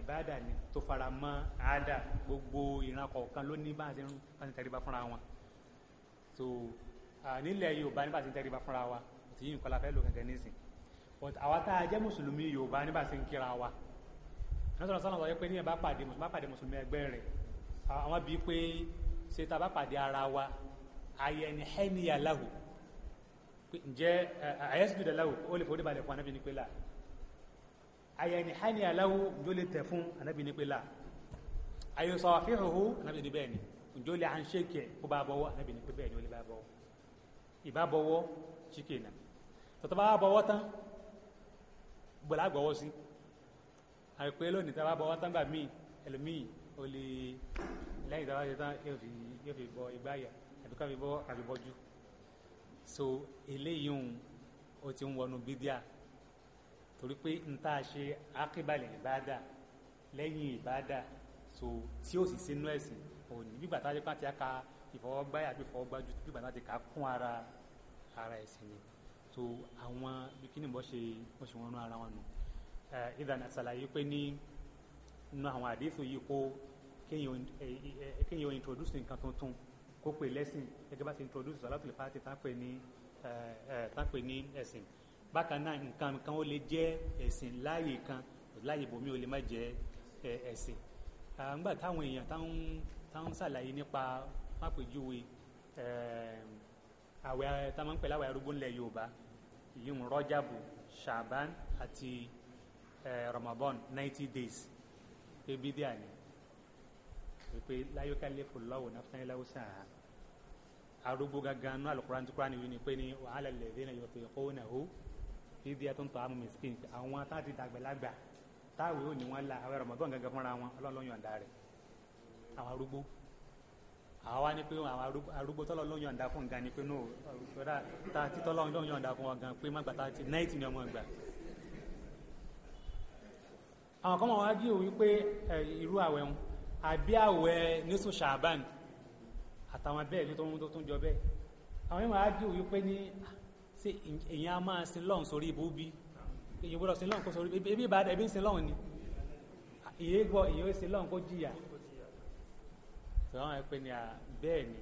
ìbádà ni tó fara mọ́ àádà gbogbo ìran kọ̀ọ̀kan ló ní bá ń tẹríba fúnra wọn so nílẹ̀ Yorùbá ní bá ti ń tẹríba fúnra wa òtí yìí nǹkan la fẹ́ lò gẹ́gẹ́ nísìnyí but àwa tá a jẹ́ mùsùlùmí yorùbá nígbà tí ń kíra wa nítorí sọ́nà sọ pé ní ìbá pàdé mùsùlùmí bá pàdé mùsùlùmí ẹgbẹ́ rẹ̀ àwọn bíi pé ṣe tá a bá pàdé ara wa ayẹni hẹ́niyà láwù ǹjẹ́ àyẹ́sìdìdà láwù ó lè forí balẹ̀ fún anábì ní pé là ayẹni hẹ́niyà láwù ǹjọ́ lè tẹ̀ fún anábì ní pé là ayọ̀sọ̀ àfihàn anábì ní bẹ́ẹ̀ ni ǹjọ́ lè à ń ṣe kó bá bọ́wọ́ anábì pé bẹ́ẹ̀ ni ó lè bá bọ́wọ́ ìbá bọ́wọ́ chicken tọ́tọ́ bá bọ́wọ́ tán gbọ́dọ̀ àgbọ̀wọ́ sí àìpé lónìí tá a bá bọ́ wọ́n tágbà míì ẹlòmíì ó lè lẹ́yìn tá a bá ṣe tán yóò fi bọ ìgbáyà àbí ká fi bọ́ àbíbọ́jú so eléyìí òun ó ti ń wọnú bídíà torí pé n tá a ṣe ákíbalẹ̀ ìbáadà lẹ́yìn ìbáadà so tí ó sì sínú ẹ̀sìn òní bígbà tá a ṣe pàtí a ka ìfọwọ́gbáyà àbí ìfọwọ́gbájú bígbà tá a ti kà kún ara ara ẹ̀sìn nìyí to àwọn bí kí ni bọ́ ṣe bọ́ ṣe wọ́n rán ara wọn nù ìdàn àṣàlàyé pé ní nínú àwọn àdéhùn yìí kó kéèyàn introduce nǹkan tuntun kó pè lẹ́sìn gẹ́gẹ́ bá ti introduce salatul fati tápè ní tápè ní ẹ̀sìn bákan náà nǹkan kan ó lè jẹ́ ẹ̀sìn láàyè kan láàyè bòmí ó lè má jẹ́ ẹ̀sìn nígbà táwọn èèyàn táwọn ṣàlàyé nípa pápẹ́júwe àwẹ̀ táwọn ń pè láwẹ̀ arúgbó ńlẹ̀ Yorùbá ìyún rọ́jàbù ṣàbán àti ramadan ninety days pé bídíà ni wípé láyọ́ká lẹ́fọ̀ lọ́wọ́ náfẹ́ láwùsà arúgbó gangan náà alukura ní kúránì wí ni pé ní wàhálà lẹ́dẹ́ náà yọ̀tọ̀ ẹ̀kọ́ náà ó bídíà tó ń tọ́ àmú miskin àwọn táàtì dàgbẹ̀lágbà táwé ò ní wọ́n la àwọn ramadan gangan fúnra wọn ọlọ́run yọ̀ǹda rẹ̀ àwọn arúgbó àwọn wá ní pé àwọn arúgbó tọ́lọ̀ ló yọ̀ǹda fún gan ni pé no ọ̀rọ̀ ta ti tọ́lọ̀ ló yọ̀ǹda fún wọn gan pé má gbà tá ti náìtì ni ọmọ ìgbà. àwọn kan wọ́n wájú wípé irú àwẹ̀ wọn àbí àwẹ̀ nísù ṣàbán àtàwọn bẹ́ẹ̀ ní tó ń tó ń jọ bẹ́ẹ̀ àwọn yẹn wájú wípé ní ṣe èyàn á máa sin lọ́hùn sórí ibú bí èyàn gbọ́dọ̀ sin lọ́hùn kó sórí ebi ìbàdàn ebi sin lọ́hùn ni ah, ìyẹ́gbọ́ èyàn ó sin sọ̀rọ̀ àwọn ẹ̀pẹ́ ni à bẹ́ẹ̀ ni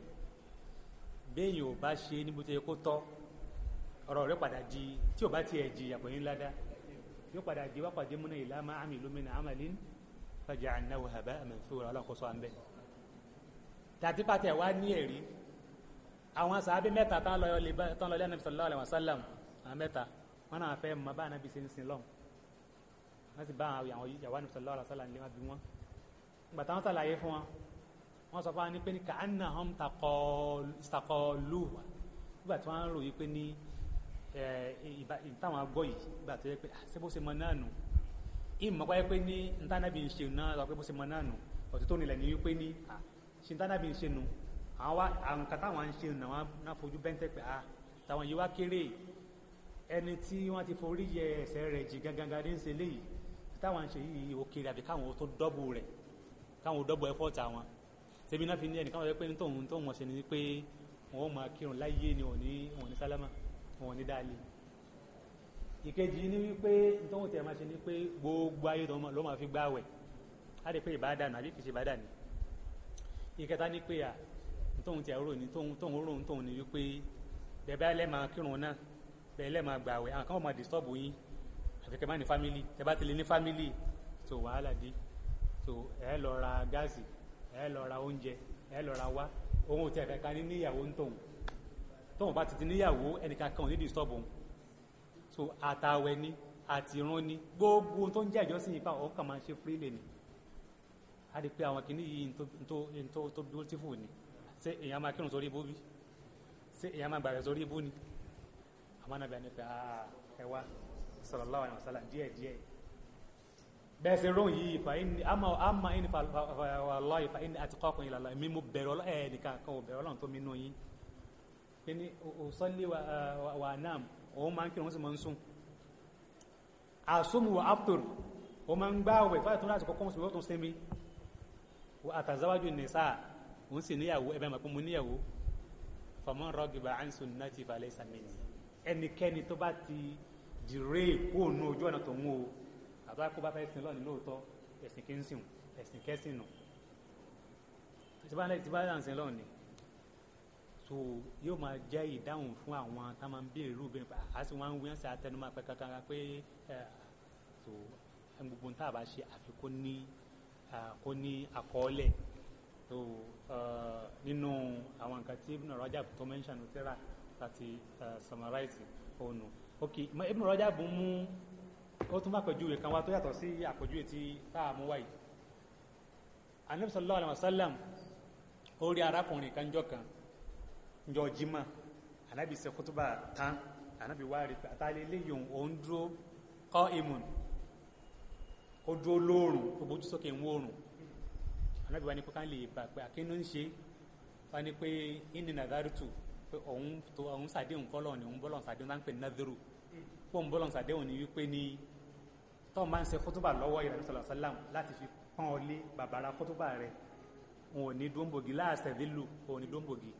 béèyàn ò bá ṣe níbo tó yẹ kó tọ́ ọ̀rọ̀ rẹ̀ padà di tí ò bá tiẹ̀ jìyà kò ní ládá yóò padà di wápàdé múná ìlà máa àmì lómìnà àmàlín fàjà ànáwó àbá àmàfíwòrán alákòóso àmbẹ tàtípàtẹ wá ní ẹ̀rí àwọn sàábé mẹ́ta tán lọ lẹ́yìn nàbì sallallahu alaihi wasallam àwọn mẹ́ta wọn náà fẹ́ mọ bá nàbì sin sin lọ́n wọ́n sì bá àwọn ìyàwó nàbì sallallahu alaihi wasallam lé wọn bí wọ́n gbàtà wọn sàlàyé fún wọn wọ́n sọ fún wa ní pé ní kàánà hàn takọlù wa nígbà tí wọ́n ń ròyìn pé ní ìtàwọn agbọ́ yìí nígbà tó yẹ pé ah, ṣé bó ṣe mọ náà nù ìmọ̀ wáyé pé ní ntànàbí ń ṣe náà sọ pé bó ṣe mọ náà nù ọ̀tún tó nílẹ̀ ní wípé ní ah, ṣe ntànàbí ń ṣe nù àwọn nǹkan táwọn ń ṣe nù náà fojú bẹ́ńtẹ́ pé ah táwọn yìí wá kéré ẹni tí wọ́n ti forí yẹ ẹsẹ̀ rẹ̀ jì gangan ṣebí náà fi ní ẹnìkan wọ́n pé ní tóun tóun wọ́n ṣe ni pé wọ́n máa kírun láyé ni wọ́n ní wọ́n ní sálámà wọ́n ní dáálé ìkejì ní wípé tóun tẹ̀ máa ṣe ni pé gbogbo ayé ló máa fi gbáwẹ̀ á lè pé ìbádànù àbí kìí ṣe ìbádànù ìkẹta ní pé à tóun tẹ̀ rò ní tóun tóun rò ní tóun ní wípé bẹ̀bẹ̀ alẹ́ máa kírun náà bẹ̀ẹ̀ lẹ́ máa gbàwẹ̀ àwọn kan máa disturb yín àfikẹ́ má ní family tẹ bá ti lè ní family tó wàhálà dé tó ẹ lọ ra gáàsì ẹ lọ ra oúnjẹ ẹ lọ ra wá òun ò tẹ ẹ̀fẹ̀ kan ní níyàwó ń tòun tóun bá ti ti níyàwó ẹnìkan kan ò ní disturb òun so àtàwẹ̀ ni àti irun ni gbogbo tó ń jẹ́ ìjọsìn yìí pa òun máa ń ṣe freely ni a rí i pé àwọn kìíní yìí tó tó beautiful ni ṣé èèyàn máa kírun sórí ibú bí ṣé èèyàn máa gbàgbé sórí ibú ni àwọn anábìyàn ni pé ẹ wá sallallahu alaihi wasallam díẹ̀ díẹ̀ bẹ́ẹ̀ ṣe rọ́n yìí fa ẹni ama ẹni wàlọ́ ìfa ẹni àti kọ́kùn ìlàlọ́ ẹ̀mí mo bẹ̀rẹ̀ ọlọ́ ẹ̀ nìkan kan ò bẹ̀rẹ̀ ọlọ́run tó mi nù yín ẹni wa wà náà òun máa ń kírun ó sì máa ń sùn àsomù wà áftor òun máa ń gbá ọ̀wẹ̀ fáyà tó láti kọ́kọ́ sùn ó tún sẹ́mi àtàzáwájú ní sáà òun sì níyàwó ẹ̀bẹ̀ mọ̀ pé mo níyàwó fọmọ́ rọ́gìbà ánsùn náà ti falẹ̀ sàmìnì ẹnikẹ́ni tó bá ti dìré kóònù ojú ọ̀nà tó ń wò ó àbá kó bá fẹ́ sin lọ́ọ̀ni lóòótọ́ ẹ̀sìn kí ń sìn ẹ̀sìn kẹ́sìn nù tí bá dà ń sin lọ́ọ̀ni so yóò máa jẹ́ ìdáhùn fún àwọn tá máa ń béèrè irú bẹ́ẹ̀ pa á sì wọ́n ń wíwọ́n sí atẹnumọ́ pẹ́ kankan pé so gbogbo tá a bá ṣe àfikún ní àkọọ́lẹ̀ so nínú àwọn nǹkan tí Ibn Rajab tó mention tírà láti summarize òun ok Ibn Rajab mú ó tún fàpèjúwe kan wá tó yàtọ̀ sí àpèjúwe tí táà mú wáyé anabi sallallahu alaihi wasallam ó rí arákùnrin kan jọ kan njọ jimá anabi ṣe kútúbà tán anabi wá rí pé àtàlẹ́ òun dúró kọ́ imun ó dúró lóòrùn tó bójú sókè ń wóòrùn anabi wá ní pé ká lè bà pé àkínú ń ṣe wá ní pé ìnìnà dárútù pé òun tó òun sàdéhùn fọlọ́ọ̀ ni òun bọ́lọ́ọ̀ sàdéhùn bá ń pè ní nàdúrù pọ́ùn bọ́lọ̀ sàdéhùn ni wípé ni tọ́ọ̀ máa ń ṣe kótóbà lọ́wọ́ ìrànlọ́sọ lọ́sálàm láti fi pọ́n ọlé bàbára kótóbà rẹ̀ òun ò ní dóńbògì láàṣẹ̀dílù òun ní dóńbògì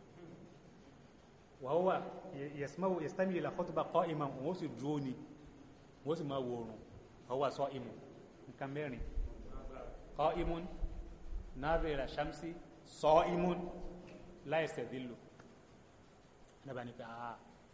wàhùwà yẹsùmáwò yẹsùmáwò ìlà kótóbà kọ́ ìmọ̀ òun ó sì dúró ni òun ó sì máa wòrùn wàhùwà sọ ìmọ̀ nǹkan mẹ́rin kọ́ ìmọ̀ nàbẹ̀rẹ̀ ṣàmsì sọ ìmọ̀ láìṣẹ̀dílù nàbẹ̀ nípa àá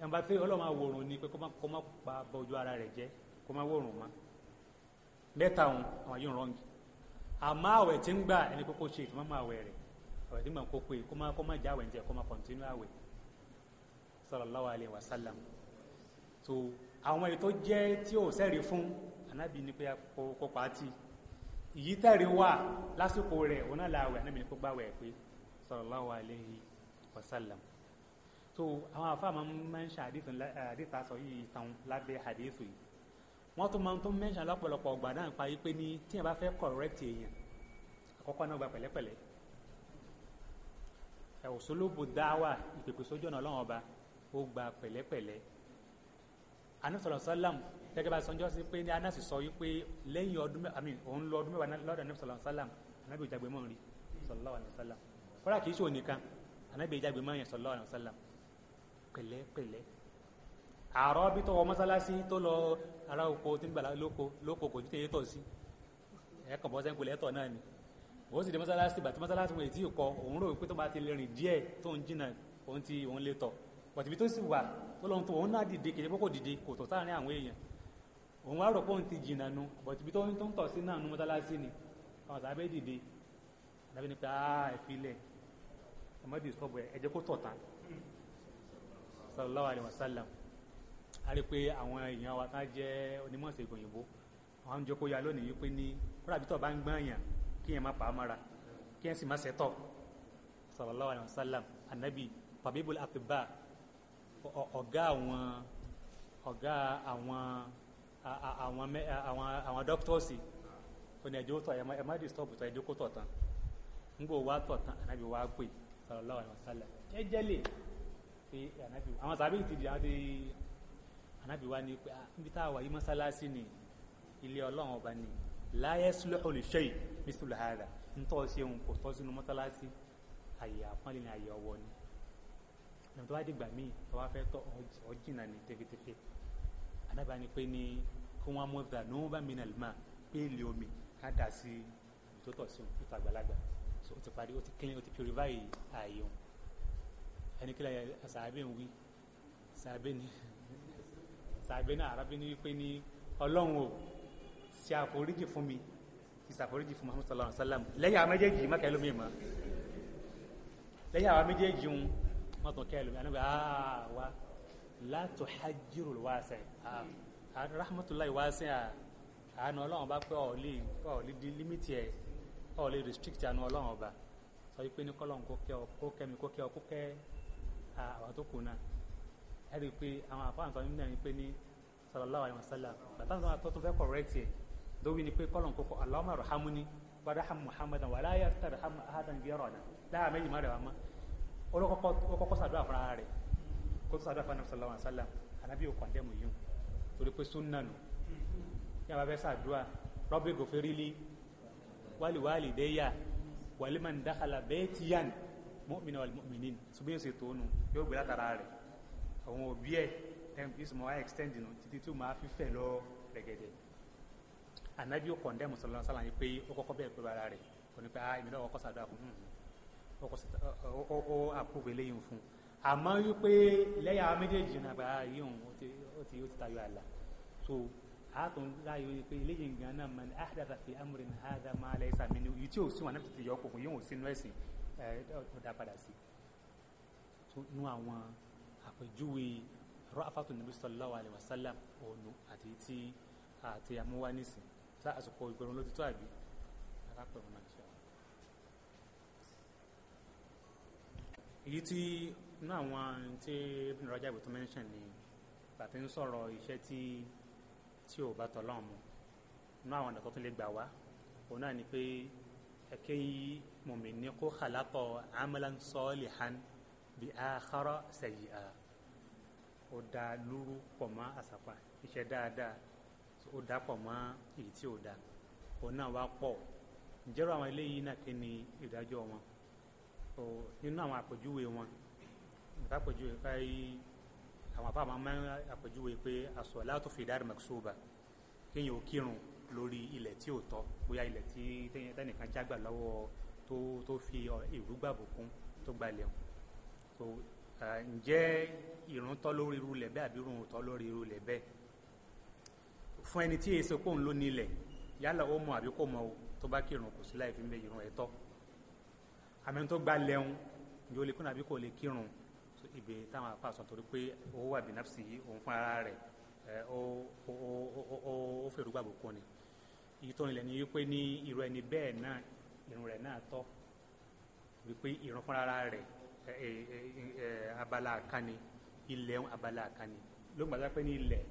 nàmbà pé ọlọ́mọ àwòrán ni pé kó má pa bọ́jú ara rẹ̀ jẹ́ kó má wòrán mọ́ mẹ́ta òun àwọn yóò rọ́ǹgì àmọ́ àwẹ̀ tí ń gbà ẹni pé kó ṣe ìfimọ́mọ́ àwẹ̀ rẹ̀ àwẹ̀ tí ń gbà kó pé kó má kó má jẹ́ àwẹ̀ ń jẹ́ kó má kọ̀ntínú àwẹ̀ sallallahu alaihi wasallam so àwọn èyí tó jẹ́ tí ò sẹ́rí fún anábì ní pé kó pàtì ìyí tẹ̀rí wà lásìkò rẹ̀ òun náà làwẹ̀ anábì ní kó gbàwẹ̀ pé sallallahu alaihi wasallam so àwọn afa máa ń ṣe àdìsá eh, sọ yìí ìtàn lábẹ́ àdìsù yìí wọ́n tún máa ń tún mẹ́ṣàn lọ́pọ̀lọpọ̀ ọgbà náà pa yí pé ní tí yẹn bá fẹ́ correct èèyàn àkọ́kọ́ náà gba pẹ̀lẹ́pẹ̀lẹ́ òṣòlóbò dáwà ìpèpè sójú ọ̀nà ọlọ́run ọba ó gba pẹ̀lẹ́pẹ̀lẹ́ anusọ̀rọ̀ sálàm gẹ́gẹ́ bá sanjọ́ sí pé ní anasi sọ yí pé lẹ́yìn ọdún àmì òun lọ ọdún mẹ́wàá lọ́dọ̀ anusọ̀rọ̀ sálàm anábì ìjàgbé mọ́ rí sallallahu alaihi kọ́lá kìí ṣe òní kan anábì ìjàgbé mọ́ yẹn sallallahu alaihi pẹ̀lẹ́pẹ̀lẹ́ àárọ̀ bí tọwọ́ mọ́sálásí tó lọ ara oko tí ń gbà lóko lóko kò ní tẹ̀yẹ tọ̀ sí ẹ̀kàn bọ́ sẹ́ńkù lẹ́tọ̀ náà ni ó sì dé mọ́sálásí gbà tí mọ́sálásí wọn èyí kọ òun rò pé tó bá ti lè rìn díẹ̀ tó ń jìnnà òun ti òun lè tọ̀ pọ̀tìbí tó sì wà tó lọ́n tó òun náà dìde kèdè pọ́kò dìde kò tọ̀ sáàrin àwọn èèyàn òun wá rò pé òun ti jìnnà nu pọ̀tìbí tó ń tọ̀ sí náà nu mọ́sálásí ni àwọn sàbẹ̀ dìde àbẹ́ni pé ah ẹ̀fílẹ̀ ẹ̀mọ́dì sọ́bù ẹ̀ ẹ̀jẹ̀ kó tọ̀ tán sallallahu alayhi wasallam sallam a rí pé àwọn èèyàn wa tá jẹ́ onímọ̀ ìṣègùn òyìnbó àwọn jẹ́ kó ya lónìí wípé ní kódà bí tọ̀ bá ń gbọ́n èèyàn kí èèyàn má pa á mọ́ra kí èèyàn sì má ṣẹ̀tọ̀ sallallahu alayhi wa sallam anabi pabibul atiba ọ̀gá àwọn ọ̀gá àwọn àwọn àwọn àwọn dọ́kítọ́ọ̀sì oní ẹjọ́ tọ̀ ẹ má disturb tọ̀ ẹjọ́ kó tọ̀ tán ń gbọ́ wá tọ̀ tán anabi wá pè sallallahu alayhi wa sallam jẹ́jẹ́ lè pé ànábì àwọn sàbí ti di àti ànábì wa ni pé ah, níbi tá a wà yí mọ́sálásí ni ilé ọlọ́run ọba ni láyé sílùú lè ṣe mísìlù hàdà nítọ́ sí ohun kò tọ́ sínú mọ́sálásí àyè àpọ́nlé ni àyè ọwọ́ ni ẹni tó wá dìgbà míì tó wá fẹ́ tọ́ ọjìnà ní tẹ́fẹ́tẹ́fẹ́ ànábì wa ni pé ní kí wọ́n mú ẹ̀fà ní wọ́n bá mìíràn lè máa pé èlé omi ká dà sí tó tọ̀ sí ohun tó tàgbàlagbà ó ti parí ó ti clean ó ti purify ààyè ohun ẹnikẹ́lẹ́ sàbẹ̀ ń wí sàbẹ̀ ni sàbẹ̀ náà arábẹ́ ni wípé ní ọlọ́run ò ṣe àforíjì fún mi ìṣàforíjì fún Muhammad sallallahu alaihi wasallam lẹ́yìn àwọn méjèèjì mọ́kẹ́ lómi mọ́ lẹ́yìn àwọn méjèèjì ń wọ́n tún kẹ́ lómi ànágbé àwa látò hajjiru wáṣẹ rahmatulahi wáṣẹ àánú ọlọ́run bá pẹ́ ọ̀ọ́lì ọ̀ọ́lì di límítì ẹ̀ ọ̀ọ́lì restrict àánú ọlọ́run ọba sọ wípé ní kọ́lọ́run kó kẹ́ ọ kó kẹ́ mi kó kẹ́ ọ kó kẹ́ àwọn tó kù náà ẹ rí i pé àwọn àfáà nǹkan nínú ẹni pé ní sallallahu alaihi wasallam bàtà nǹkan tó tún fẹ́ kọ̀rẹ́tì ẹ̀ dóbi ni pé kọ́lọ̀ kókó Allahumma irhamni warham Muhammadan wala yarham ahadan ghayrana láàrin méjì má rẹ̀ wá mọ́ olókọ́kọ́ sàdúrà fúnra rẹ̀ kó tó sàdúrà fún anabi sallallahu alaihi wasallam anabi yóò kọ̀ndẹ́mù yìí torí pé sunna nù yàrá bá fẹ́ sàdúrà rabbi ghfirli wali walidayya wali man dakhala baytiyan mọ́mìnà mọ́mìnì ṣùgbọ́n ṣe tó nù yóò gbé látara rẹ̀ àwọn òbí ẹ̀ tẹ́ǹpì sọmọ wáyé extend nù títí tí ó máa fífẹ̀ lọ rẹ̀gẹ̀dẹ̀ ànábì ó kọ̀ndẹ́ mùsọ̀lọ́ sálà yìí pé ó kọ́kọ́ bẹ́ẹ̀ pẹ̀lú ara rẹ̀ kò ní pé ah èmi náà ọkọ̀ sàdúrà fún ó àpòwé lẹ́yìn fún àmọ́ wípé lẹ́yà méjèèjì náà bá rí ah, òun ó ti tayọ àlà so àtún láyé pé eléyìí gan náà man ahdatha ò sí wọn náà ti yọ ọkùnkùn yóò sínú ẹ̀sìn tó dá padà sí tó nú àwọn àpèjúwe rafatu nabi sallallahu alayhi wa sallam ònu àti tí àti amúwá nísìn tá àsopọ̀ ìgbẹ̀rún lójútó àbí alápẹ̀rún náà ṣe àwọn. èyí tí inú àwọn tí Ibn Rajab tó mention ni bàtí ń sọ̀rọ̀ iṣẹ́ tí tí ò bá tọ́lọ́ mu inú àwọn ọ̀nà tó tún lè gbà wá òun náà ni pé ẹ̀kẹ́ yìí mọ̀mìn ní kó khalaqo amalan salihan bi akhara sayyi'a ó dá lúrú pọ̀ mọ́ àsàpà iṣẹ́ dáadáa ó dá pọ̀ mọ́ èyí tí ò dá òun náà wá pọ̀ ǹjẹ́rọ àwọn eléyìí náà kí ni ìdájọ́ wọn nínú àwọn àpèjúwe wọn nǹkan àpèjúwe báyìí àwọn afá máa ń àpèjúwe pé as-salatu fi dar maksuba kéèyàn ò kírun lórí ilẹ̀ tí ò tọ́ bóyá ilẹ̀ tí tẹ́nìkan jágbà lọ́wọ́ tó tó fi ìrúgbà bùkún tó gbalẹ̀ wọn so ǹjẹ́ ìrun tọ́ lórí irú lẹ̀ bẹ́ẹ̀ àbí ìrun tọ́ lórí irú lẹ̀ bẹ́ẹ̀ fún ẹni tí èso pòun ló nílẹ̀ yálà ó mọ àbí kò mọ o tó bá kírun kò sí láì fi ń bẹ ìrun ẹ̀ tọ́ àmì tó gbalẹ̀ wọn ǹjẹ́ ó lè kírun àbí kò lè kírun ibi táwọn apá torí pé ó wà bí nafsi òun fún ara rẹ̀ ó fèrúgbà bùkún ni èyí tó wípé ní irú ẹni bẹ́ẹ̀ náà irun rẹ̀ náà tọ́ wípé irun fúnra rẹ̀ abala àkànni ilẹ̀ abala àkànni ló ń gbàgbọ́ pé ní ilẹ̀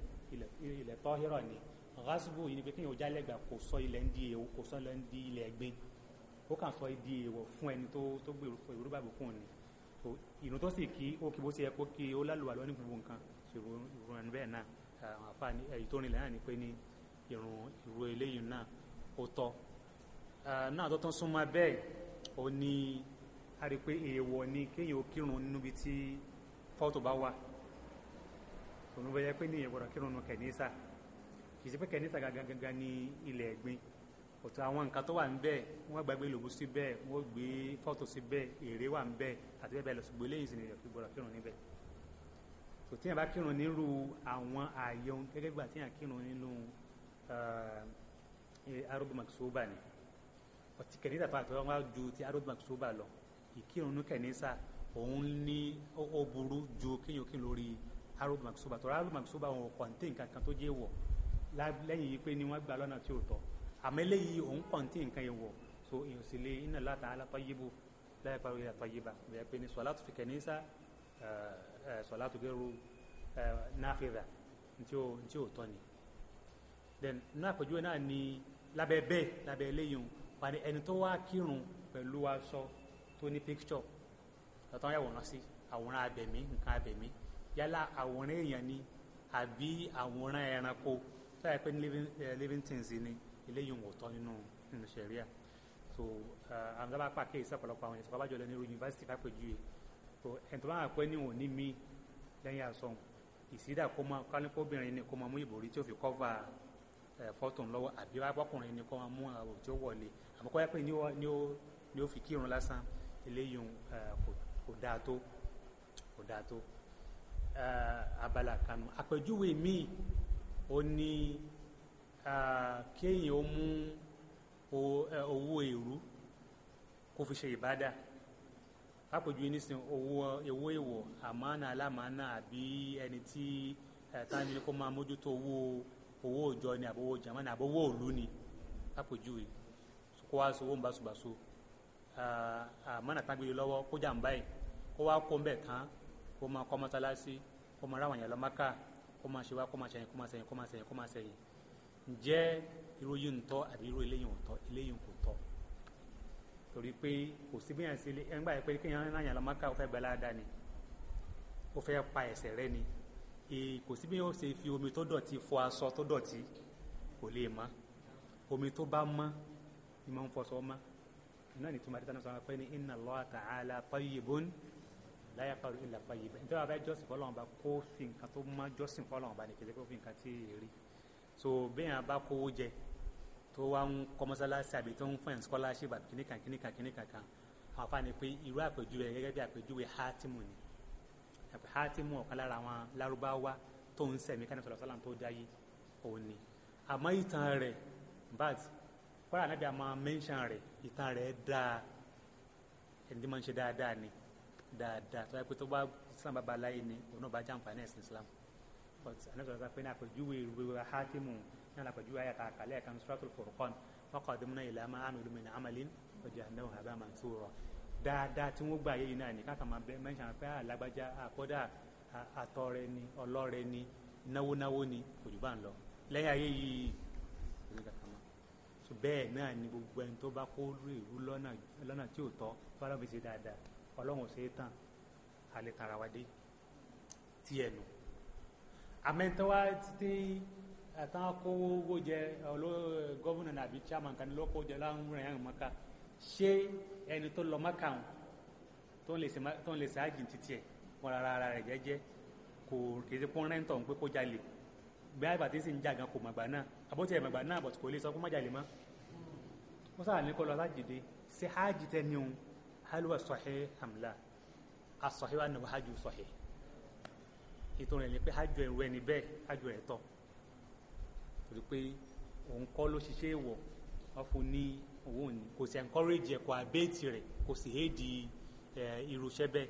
ilẹ̀ tọ́hírọ̀ ni rásìbò yìí ni pé kéèyàn jálẹ̀gbà kò sọ ilẹ̀ ń di èèwọ̀ kò sọ ilẹ̀ ń di ilẹ̀ gbin ó kàn sọ di èèwọ̀ fún ẹni tó tó gbé ìrú bàbá fún ni ìrun tó sì kí ó kí bó ti yẹ kó kí ó lálùwà lọ ní gbogbo nǹkan ìrun ẹni bẹ́ẹ̀ náà àwọn àfáà èyí tó rìnlẹ̀ náà ni pé ní ìrun ìrú eléyìí náà ó tọ́ Ah, náà tó tán súnmọ́ bẹ́ẹ̀ ó ní a rí pé èèwọ̀ ni kéèyàn ó kírun níbi tí fọ́tò bá wà òun bẹ́ẹ̀ yẹ pé ní ìwọ̀rọ̀ kírun nù kẹ̀nísà kì í ṣe pé kẹ̀nísà gangan ní ilẹ̀ ẹ̀gbin ọ̀tọ̀ àwọn nǹkan tó wà ń bẹ́ẹ̀ wọ́n gbàgbé lògùn sí bẹ́ẹ̀ wọ́n gbé fọ́tò sí bẹ́ẹ̀ èrè wà ń bẹ́ẹ̀ àti bẹ́ẹ̀ bẹ́ẹ̀ lọ ṣùgbọ́n eléyìí sì ni ìrọ̀kí gbọ́dọ̀ kírun níbẹ̀ tó tíyàn bá kírun nírú àwọn ààyè ohun gẹ́gẹ́ gbà tíyàn kírun nínú ah, eh, arúgbó màkìsóbà ni ọtí kẹ̀nísà tó àtọ́wọ́n wá ju ti arúgbó màkìsóbà lọ ìkírun kẹ̀nísà òun ní ó burú ju kéèyàn kí lórí arúgbó màkìsóbà tó arúgbó màkìsóbà òun kọ̀ǹté nǹkan kan tó jẹ́ wọ̀ lẹ́yìn yìí pé ni wọ́n gbà lọ́nà tí ò tọ́ àmọ́ eléyìí òun kọ̀ǹté nǹkan yẹn wọ̀ so èèyàn sì lè iná láta alápáyébò láyé parí àtọ́yébà bẹ́ẹ̀ pé ni sọ̀látù fi kẹ̀nísà sọ̀látù gẹ́rù náfìdà ntí ò tọ́ ni then náà ni lábẹ́ bẹ́ẹ̀ lábẹ́ eléyìí pàdé ẹni tó wá kírun pẹ̀lú aṣọ tó ní píkṣọ tọ́tọ́ yàwòrán sí àwòrán abẹ̀mí nǹkan abẹ̀mí yálà àwòrán èèyàn ni àbí àwòrán ẹranko tó yà pé ní eh, living things ni eléyìí wò tọ́ nínú nínú sẹ̀ríà so eh, àwọn sábà pàkẹ́ ìsọ̀pọ̀lọpọ̀ àwọn ìsọ̀pọ̀ àbájọ lẹ́nu yunifásitì kápẹ́jùwe so ẹni tó bá wà pé ní òun ní mí lẹ́yìn àsọ̀hún ìsídà kó mọ kálíkóbìnrin ni kó mọ mú ìbòrí tí ó fi kọ́fà fọ́tò ńlọ́wọ́ àbí wákọ́kùnrin ni kó mọ mú àwò tí ó wọlé àmọ́kọ́ yẹ pé ni ó ni ó ni ó fi kírun lásán eléyìí kò dáa tó kò dáa tó abala kanu àpèjúwe míì ó ní kéèyàn ó mú owó èrú kó fi ṣe ìbádà pápẹ̀jù nísìn owó ewó ìwọ̀ àmánà alámánà àbí ẹni tí táwọn ènìyàn kó máa mójútó owó owó òjọ ni àbówó jàmánà àbówó òlú ni pápẹ̀jù kó wá sowó ńbàṣubàṣu àmọ́nà tán gbé lọ́wọ́ kó jà ń báyìí kó wá kó ń bẹ̀ tán kó máa kọ́ mọ́sálásí kó máa ráwọn yẹn lọ Mákà kó máa ṣe wá kó máa ṣẹyìn kó máa ṣẹyìn kó máa ṣẹyìn kó máa ṣẹyìn ǹjẹ́ irú yìí ń tọ́ àbí irú eléyìí ń tọ́ eléyìí kò tọ́ torí pé kò sí bí yàn sí ilé ẹgbà pé kéèyàn náà yàn lọ Mákà ó fẹ́ gbẹ ládàá ni ó fẹ́ pa ẹ̀ṣẹ̀ rẹ ni kò sí bí yàn ó ṣe fi omi tó dọ̀tí fọ aṣọ tó dọ̀tí kò lè mọ́ omi tó bá mọ́ ni máa ń fọṣọ ọmọ iná ní túmọ̀ àdìsánà sọ̀rọ̀ pé ní inna Allah ta'ala tayyibun la yaqbalu illa tayyiban nítorí wàá bá jọ́sìn fọlọ́run bá kó fi nǹkan tó má jọ́sìn fọlọ́run bá ní kí ló fi nǹkan tí ì rí so bẹ́ẹ̀ a kówó jẹ tó wá ń kọ́ mọ́sálásí àbí tó ń fún ẹ̀ ń scholarship àbí kìnnìkan kìnnìkan kìnnìkan kan àwọn afáàní pé irú àpèjúwe gẹ́gẹ́ bí àpèjúwe hátìmù ni hátìmù ọ̀kan lára àwọn lárúbáwá tó ń sẹ̀mí kánìfọ̀lọ́sọ́lá tó dáyé òun ni àmọ́ ìtàn rẹ̀ bàtì kọ́ra anábì àmọ́ mẹ́ńṣán rẹ̀ ìtàn rẹ̀ dáa ẹni tí máa ń ṣe dáadáa ni dáadáa tó yẹ pé tó bá sàn bàbá láyé ni òun náà bá jẹ́ àǹfààní ẹ̀sìn Islam but anábì sọ̀rọ̀ pé ní àpèjúwe ìrúwé Hakimu náà àpèjúwe ayàtà àkàlẹ́ ẹ̀ka Suratul Furqan faqadimna ila ma amilu min amalin faja'alnahu haba'an mansura dáadáa tí wọ́n gbà yéyìn náà ní káàkà máa bẹ mẹ́ṣàn pé àlágbájá ah, àkọ́dà ah, àtọrẹ ah, ni ọlọ́rẹ ni náwónáwó ni kò jù bá ń lọ so bẹ́ẹ̀ náà ni gbogbo ẹni tó bá kó rú ìrú lọ́nà tí ò tọ́ fọlọ́n fi ṣe dáadáa ọlọ́run ò ṣe é tàn alẹ́ tara wa dé tí ẹnu àmẹ́ntọ́wá títí àtàwọn kówó owó jẹ gọ́vùnà àbí chairman kan lọ́kọ́ jẹ láwọn ẹ̀yàn mọ́ká ṣé ẹni tó lọ mọ́ká wọn tó ń lè ṣáàjì títí ẹ̀ wọn rárá rẹ̀ jẹ́jẹ́ kò kì í ṣe pọ́n rẹ́ńtọ̀ ń pé kó jalè bí àgbà tí sì ń jàgàn kò màgbà náà àbótí ẹ̀màgbà náà bọ̀tí kò lè sọ fún májàlè mọ́ wọ́n sáà ní kọ́ lọ lájìdé sí hajj tẹ́ ní òun halwa sahih hamla asọ̀hẹ́ wà nàbọ̀ hajj sahih ètò ni pé hajj ẹ̀rù ẹni bẹ́ẹ̀ hajj ẹ̀ tọ̀ torí pé òun kọ́ ló ṣiṣẹ́ wọ̀ wọ́n fún ní owó òní kò sí encourage abẹ́ẹ̀tì rẹ̀ eh,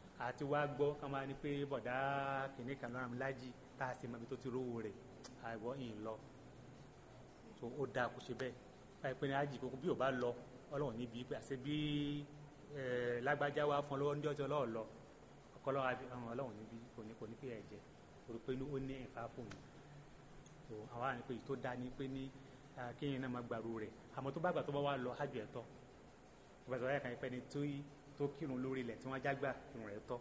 àti wá gbọ́ ká máa ní pé bọ̀dá kìnìún kan lọ́rùn lájì tá a sì mọ ibi tó ti rówó rẹ̀ àìwọ́ ìyìn lọ so ó dáa kó ṣe bẹ́ẹ̀ báyìí pé ní ájì kókó bí ò bá lọ ọlọ́run níbi pé àṣẹ bí lágbájá wa fún ọlọ́wọ́ ní ọjọ́ ọlọ́run lọ ọkọlọ́wọ́ ọlọ́run níbi kò ní kò ní pé ẹ̀jẹ̀ torí pé ó ní ẹ̀fà fún mi so àwa ni pé tó dáa ni pé ní kéèyàn náà máa gbàrú rẹ̀ àmọ́ tó bá gbà tó bá wà lọ ájù ẹ̀tọ́ ìgbà tó bá ni tó yìí tó kírun lórí ilẹ̀ tí wọ́n ajá gbà irun rẹ̀ tọ́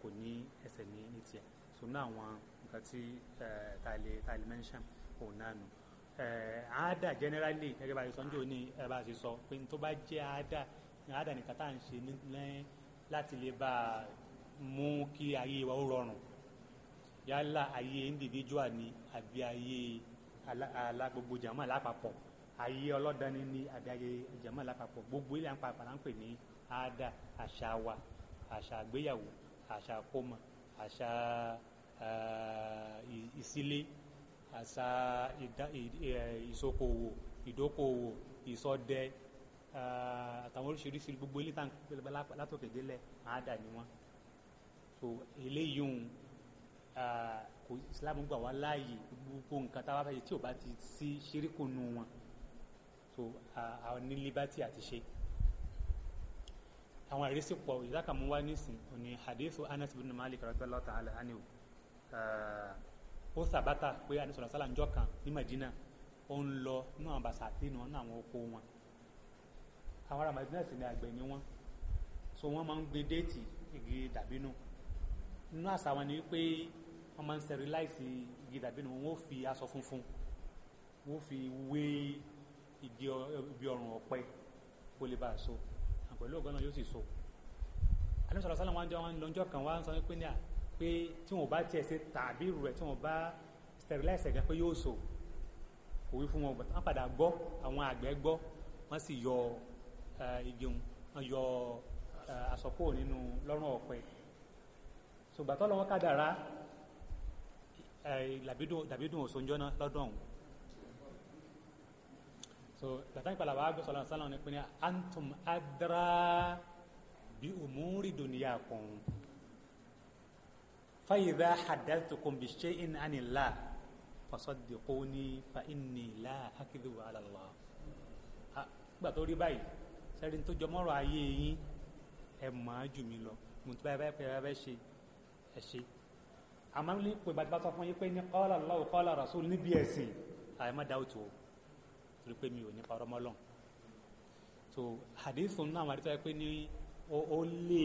kò ní ẹsẹ̀ ní ní tiẹ̀ so ní àwọn nǹkan tí ta lè mention òun náà àádà generally gẹ́gẹ́ bá a ṣe sọ níjó ní ẹ bá a ṣe sọ pé tó bá jẹ́ àádà àádà nìkan tá à ń ṣe lẹ́yìn láti lè bá a mú kí ayé wa ó rọrùn yálà ayé individual ni àbí ayé alágbogbo jàmọ́ lápapọ̀ ayé ọlọ́dani ni àbí ayé jàmọ́ lápapọ̀ gbogbo ilé àpapọ̀ là ń pè ní ada àṣà wa àṣà àgbéyàwó àṣà àkómọ àṣà ìsílé àṣà ìsokòwò ìdókòwò ìsọdẹ àtàwọn oríṣiríṣi gbogbo ilé látòkè délẹ̀ àádà ni wọ́n so eléyìí òun kò islam gbà wá láàyè gbogbo nǹkan tá a bá fẹ́ tí ò bá ti sí ṣíríkùnú wọn so àwọn ní liberty àti ṣe àwọn àrísí pọ̀ ìdákàmú wá nísìn òní hadithu anas bin malik radiyallahu ta'ala anhu ó sàbátà pé anas ọ̀rọ̀ sálà ń jọ kan ní madina ó ń lọ nínú àwọn bàṣà àti nínú àwọn oko wọn àwọn ará madina sì ni àgbẹ̀ ni wọ́n so wọ́n máa ń gbin déètì igi dàbínú nínú àṣà wọn ni wípé wọ́n máa ń steriláìsì igi dàbínú wọn ó fi aṣọ funfun wọ́n fi wé igi ọ̀rùn ọ̀pẹ kó lè bá a so pẹ̀lú ọ̀gá náà yóò sì so alẹ́ sọ̀rọ̀ sálẹ̀ wọn jọ wọn lọ́jọ́ kan wá ń sọ pé ní à pé tí wọn bá tiẹ̀ ṣe tàbí rẹ̀ tí wọn bá sterilize gan pé yóò so kò wí fún wọn wọn padà gbọ́ àwọn àgbẹ̀ gbọ́ wọ́n sì yọ igi wọn yọ àsọkò nínú lọ́rùn ọ̀pẹ ṣùgbọ́n tọ́lọ́wọ́n kádàrá dàbídùn òṣòǹjọ́ náà lọ́dọ̀ ọ̀hún so tàtàkì pàlà wàá gbèsò ọlọ́run sálọ̀ ní pé ní antum adra bi umuri dunyakum fa idha hadathukum bi shay'in anillah fasaddiquni fa inni la akdhibu ala Allah gbà tó rí báyìí sẹ́rin tó jọ mọ́rọ̀ ayé yín ẹ mọ̀ á jù mí lọ mo ti báyìí báyìí báyìí ṣe ẹ ṣe àmọ́ ní pé bàtí bá sọ fún yín pé ní qala Allahu qala rasul níbi ẹ̀sìn àyè má dáwọ́ tó o torí pé mi ò ní parọ́ mọ́ Ọlọ́run so hadith náà wà nítorí pé ní ó lè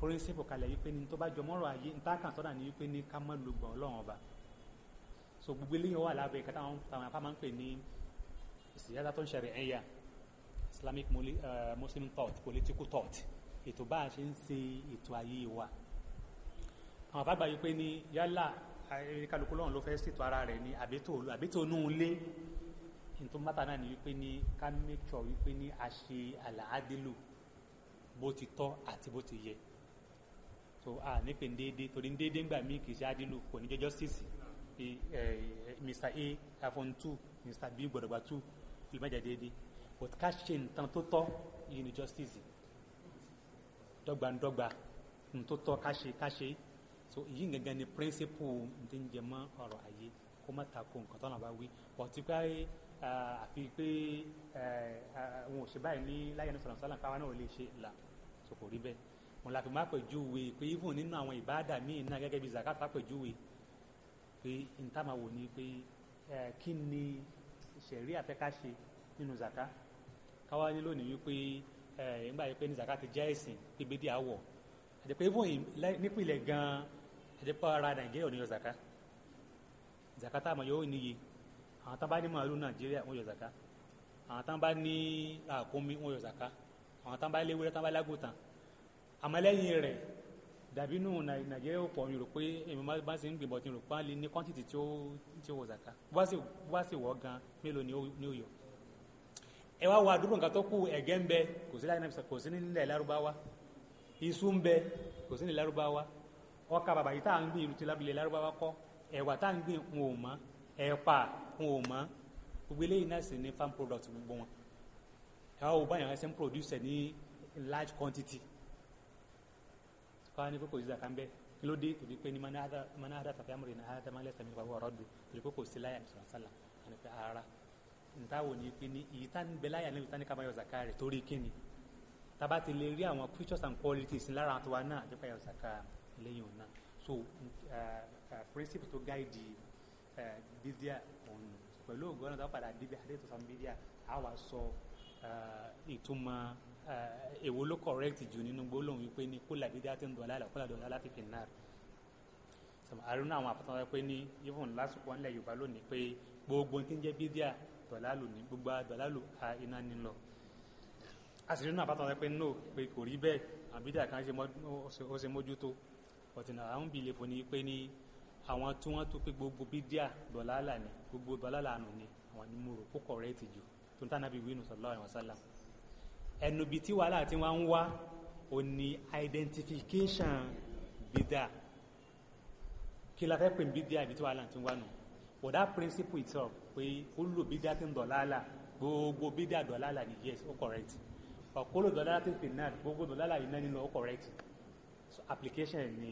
píríncípù kalẹ̀ yìí pé ní tó bá jọ mọ́rọ̀ ayé ntákan sọ́dà ní wípé ní ká mọ́ lùgbọ̀n Ọlọ́run ọba so gbogbo eléyìí wà lábẹ́ ìka táwọn táwọn apá máa ń pè ní ìsìyáda tó ń ṣẹlẹ̀ ẹ̀yà Islamic eh, Muslim thought political thought ètò bá a ṣe ń ṣe ètò ayé wa àwọn àbá gbà yìí pé ní yálà eh, kálukú lọ́run ló fẹ́ ṣètò ara rẹ̀ ní àbètò àbètò inú ilé tó mátà náà ni wípé ní ká make sure wípé ní a ṣe àlàádélò bó ti tọ́ àti bó ti yẹ so a nípe ń déédéé torí ń déédéé ńgbà míì kì í ṣe àdélò kò ní jọjọ́ sísì mr a iphone two mr b gbọdọgba two fi mẹ́jọ déédéé but ká ṣe nǹkan tó tọ́ yìí ni justice dọ́gbandọ́gba nǹkan tó tọ́ ká ṣe ká ṣe so èyí gangan ni principle ń tẹ́ ń jẹ mọ́ ọ̀rọ̀ ayé kó má ta nǹkan tó náà bá wí but pé àfi pé àwọn òṣèbá yìí ní láyé ní sọ̀rọ̀ sọ́lá káwa náà lè ṣe là tó kò rí bẹ́ẹ̀ wọn làfi má pẹ̀júwe pé even nínú àwọn ìbáàdà míì náà gẹ́gẹ́ bí zakat má pẹ̀júwe pé n tá máa wò ní pé kí ni ṣẹ̀rí àfẹ́ká ṣe nínú zaka káwa ní lónìí wípé nígbà yìí pé ní zakat ti jẹ́ ẹ̀sìn pé bídí àwọ̀ àti pé even nípìnlẹ̀ gan-an àti pé ara nàìjíríà ò ní yọ zakat zakat táwọn yóò níye àwọn tán bá ní màálù nàìjíríà wọ́n yọ zaka àwọn tán bá ní àkómi wọ́n yọ zaka àwọn tán bá léwúrẹ́ tán bá lágùntàn àmọ́ lẹ́yìn rẹ̀ dàbí nù nàìjíríà ó pọ̀ mi rò pé èmi bá sì ń gbìbọn tí mo rò pé wọ́n lè ní quantity tí ó tí wọ zaka bó bá sì wọ́ gan mélòó ni ó yọ ẹ wá wo àdúgbò nǹkan tó kù ẹ̀gẹ́ ń bẹ kò sí láyé kò sí nílẹ̀ lárúbáwá iṣu ń bẹ kò sí nílẹ̀ lárúbáwá ọkà bàbà yìí tá à ń gbìn ìlú lábìlẹ̀ lárúbáwá kọ́ ẹ̀wà tá à ń gbìn ń ò mọ́ ẹ̀pà wọn ò mọ́ gbogbo eléyìí náà sì ní farm product gbogbo wọn ẹ̀ wá wò báyìí wọn ṣe ń produce ẹ̀ ní large quantity kọ́ ni kókò yíṣà kan bẹ́ẹ̀ kí ló dé torí pé ní mana hada tàbí amúre ní hada máa lẹ́sẹ̀ mi pàpọ̀ ọ̀rọ̀ dùn torí pé kò sí láyà ní sọ̀rọ̀ sálà àni pé ara níta wò ní pé ní ìyí tá ní bẹ láyà ní ìta ní ká máa yọ zaka rẹ̀ torí kí ni tába ti lè rí àwọn features and qualities lára àtiwá náà àti pé yọ zaka lẹ́yìn òun náà so principle tó gáìdì bídíà òun pẹ̀lú ògbọ́n tó padà bíbí àti ètò sàn bídíà á wà sọ ìtumọ̀ èwo ló correct jù nínú gbólóhùn wípé ní kó làbídí àti ń dọ̀lá àlàkó làdọ̀lá láti fi náà àrùn àwọn àpótán wáyé pé ní yífún lásìkò ńlẹ̀ Yorùbá lónìí pé gbogbo tí ń jẹ́ bídíà dọ̀lá lò ní gbogbo dọ̀lá lò a iná ní lọ àṣírí náà àpótán wáyé pé no pé kò rí bẹ́ẹ̀ àbídíà kan ó ṣe mójútó ọ̀tìnà àwọn bìlẹ̀ fún ni pé ní àwọn tí wọ́n tó pé gbogbo bídíà dọ̀làlà ni gbogbo dọ̀làlà nù ni àwọn ni mo rò kó kọ̀rẹ́ẹ̀tì jù tó ń tàn nábì wínú sallallahu alaihi wasallam ẹnu bíi tí wàhálà tí wọ́n ń wá ò ní identification bídíà kí la fẹ́ pè ní bídíà ibi tí wàhálà ti wà nù for that principle itself pé ó lò bídíà tí ń dọ̀làlà gbogbo bídíà dọ̀làlà ni yes ó correct ọ̀kọ́lò dọ̀làlà tí ń pè náà gbogbo dọ̀làlà yìí náà nínú ó correct so application ni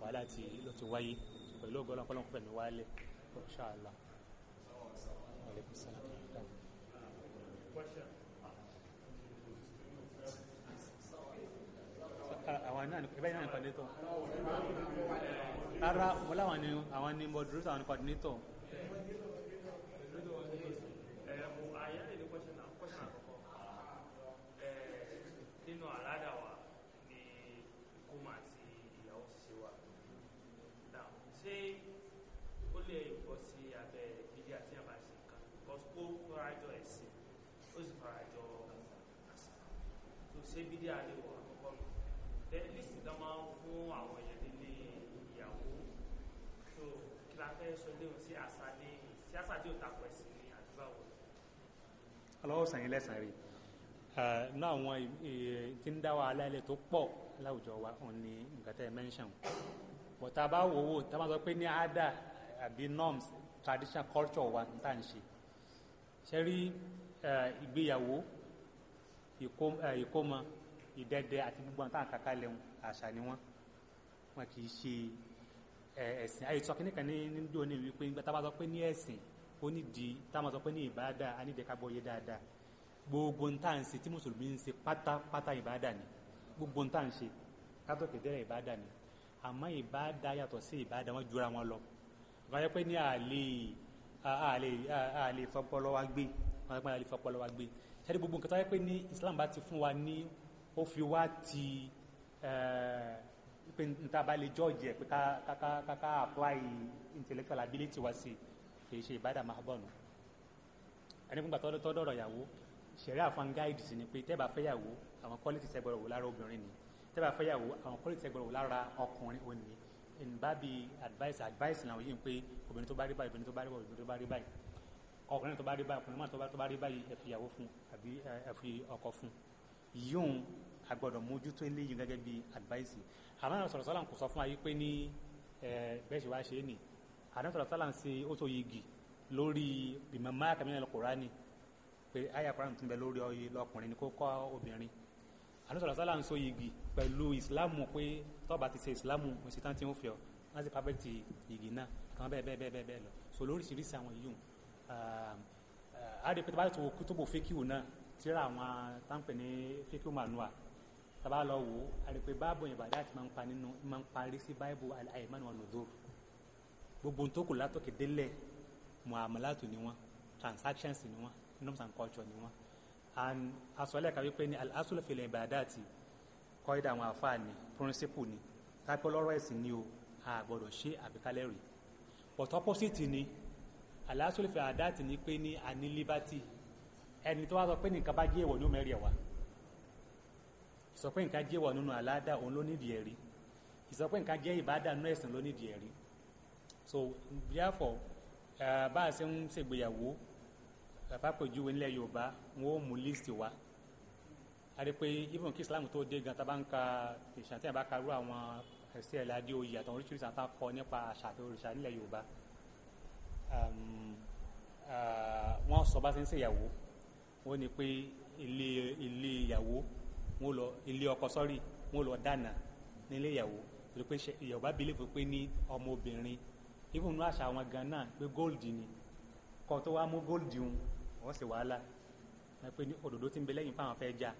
wàhálà ti lọ ti wáyé pẹ̀lú ọgọ́lọ́ ọpọlọ pẹ̀lú wálé ṣáàlá àwọn náà ní ẹgbẹ́ náà ní coordinator rárá wọ́n láwọn ní àwọn ní moderator ọlọ́wọ́ sàn yín lẹ́sàn-án rí nínú àwọn tí ń dá wa aláìlẹ̀ tó pọ̀ láwùjọ wa òun ni nǹkan tẹ́ ẹ mẹ́ńṣàn bọ̀ tá bá wò ó tá a bá sọ pé ní àádà àbí norms tradition culture wa tá à ń ṣe ṣe rí ìgbéyàwó ìkómọ ìdẹ́dẹ́ àti gbogbo àwọn táwọn kàkà lẹ́hùn àṣà ni wọ́n wọn kì í ṣe ẹ̀sìn ayé tí kí nìkan ní ní dùn ní wípé nígbà tá a bá sọ pé ní ẹ̀sìn ó ní di táwọn sọ pé ní ìbáadà á ní ìdẹ́ka gbọ́ yé dáadáa gbogbo ń tà ń ṣe tí mùsùlùmí ń ṣe pátápátá ìbáadà ni gbogbo ń tà ń ṣe kátó kẹtẹrẹ ìbáadà ni àmọ́ ìbáadà yàtọ̀ sí ìbáadà wọn jura wọn lọ báyọ̀ pé ní àlè àlè àlè fọpọlọ wa gbé wọn pé àlè fọpọlọ wa gbé ṣáàdì gbogbo nǹkan tó yẹ pé ní Islam bá ti fún wa ní ó fi wá ti pé níta bá lè jọ́ọ̀jì ẹ̀ pé ká ká ká apply intellectual ability wa sí i kì í ṣe ìbádà mahabọ́ọ̀nù ẹni fún gbàtọ́ tó dọ̀rọ̀ ìyàwó ṣẹ̀rí àfọn gáìdì sí ni pé tẹ́ẹ̀bà fẹ́yàwó àwọn kọ́lẹ́tì sẹ́gbọ̀rọ̀ wò lára obìnrin ni tẹ́ẹ̀bà fẹ́yàwó àwọn kọ́lẹ́tì sẹ́gbọ̀rọ̀ wò lára ọkùnrin òní ni ìnbá bi advice advice làwọn yìí ń pé obìnrin tó bá rí báyìí obìnrin tó bá rí báyìí obìnrin tó bá rí báyìí ọkùnrin tó bá rí báyìí ọkùnrin tó bá rí báyìí ẹ fi ìyàwó fún àbí ẹ fi ọkọ fún yíyún agbọ́dọ̀ mójútó eléyìí gẹ́gẹ́ bí advice àmọ́ sọ̀rọ̀ sọ́lá kò sọ fún wa pé ní bẹ́ẹ̀ ṣe wá ṣe é nìyí àdánsọ̀rọ̀ sálà ń ṣe ó yigi lórí bìmọ̀ máa kàmínà lọ́kùnránì pé àyà kúránì tún bẹ lórí ọyẹ lọkùnrin ni kó kọ́ obìnrin àdánsọ̀rọ̀ sálà ń so yigi pẹ̀lú ìsìlámù pé tọ́ba ti ṣe ìsìlámù òṣìṣẹ́ tí ó fi ọ́ wọ́n ti pàbẹ́ ti yigi náà kàn bẹ́ẹ̀ bẹ́ẹ̀ bẹ́ẹ̀ bẹ́ẹ̀ lọ so lóríṣiríṣi àwọn yìí àdè pé tọ́ba tó kútùbù fíkìwù náà tíra àwọn táǹpẹ̀ ní fíkìwù manual tọ́ba lọ wò àdè pé báàbò ìbàdàn àti máa ń pa nínú máa ń parí sí báìbù àìmánu ọ̀nà òdòrò gbogbo ohun tó kù látòkè délẹ̀ muamalatu ni wọn transactions ni wọn norms and culture ni wọn and asọ́lẹ̀ kan wípé ni al-asul fil ibadati kọ́ídà àwọn àfáàní principle ni kápẹ́ lọ́rọ̀ ẹ̀sìn ni o a gbọ́dọ̀ ṣe àbíkálẹ̀ rí but opposite ni al-asul fil ibadati ni pé ní a ní liberty ẹni tó wá sọ pé nìkan bá jẹ́ ìwọ̀ ní ó mẹ́rin ẹ̀wà ìsọpẹ́ nǹkan jẹ́ ìwọ̀ nínú àládà òun ló nídìí ẹ̀rí ìsọpẹ́ nǹkan jẹ́ ìbádà nínú ẹ̀sìn ló nídìí ẹ̀rí so therefore eh, bá a ṣe ń ṣègbéyàwó àfàpèjúwe nílẹ̀ yorùbá wọn ó mú list wá a rí i pé even kí islam tó dé gan tá a bá ń ka ìṣàn tí a bá ka rú àwọn ẹ̀sìn ẹ̀lẹ́ adé oyè àtàwọn oríṣiríṣi àti akọ nípa àṣà àti òrìṣà nílẹ̀ yorùbá um, eh, wọ́n sọ bá ṣe ń ṣèyàwó wọ́n ní pé ilé ilé ìyàwó wọ́n lọ ilé ọkọ sọ́rí wọ́n lọ dáná nílé ìyàwó torí pé yorùbá believe pé ní ọmọbìnrin even nu àṣà àwọn gan náà pé gold ni kọ́ tó wá mú gold un wọ́n sì wàhálà pé òdòdó ti ń bẹ lẹ́yìn fáwọn fẹ́ jà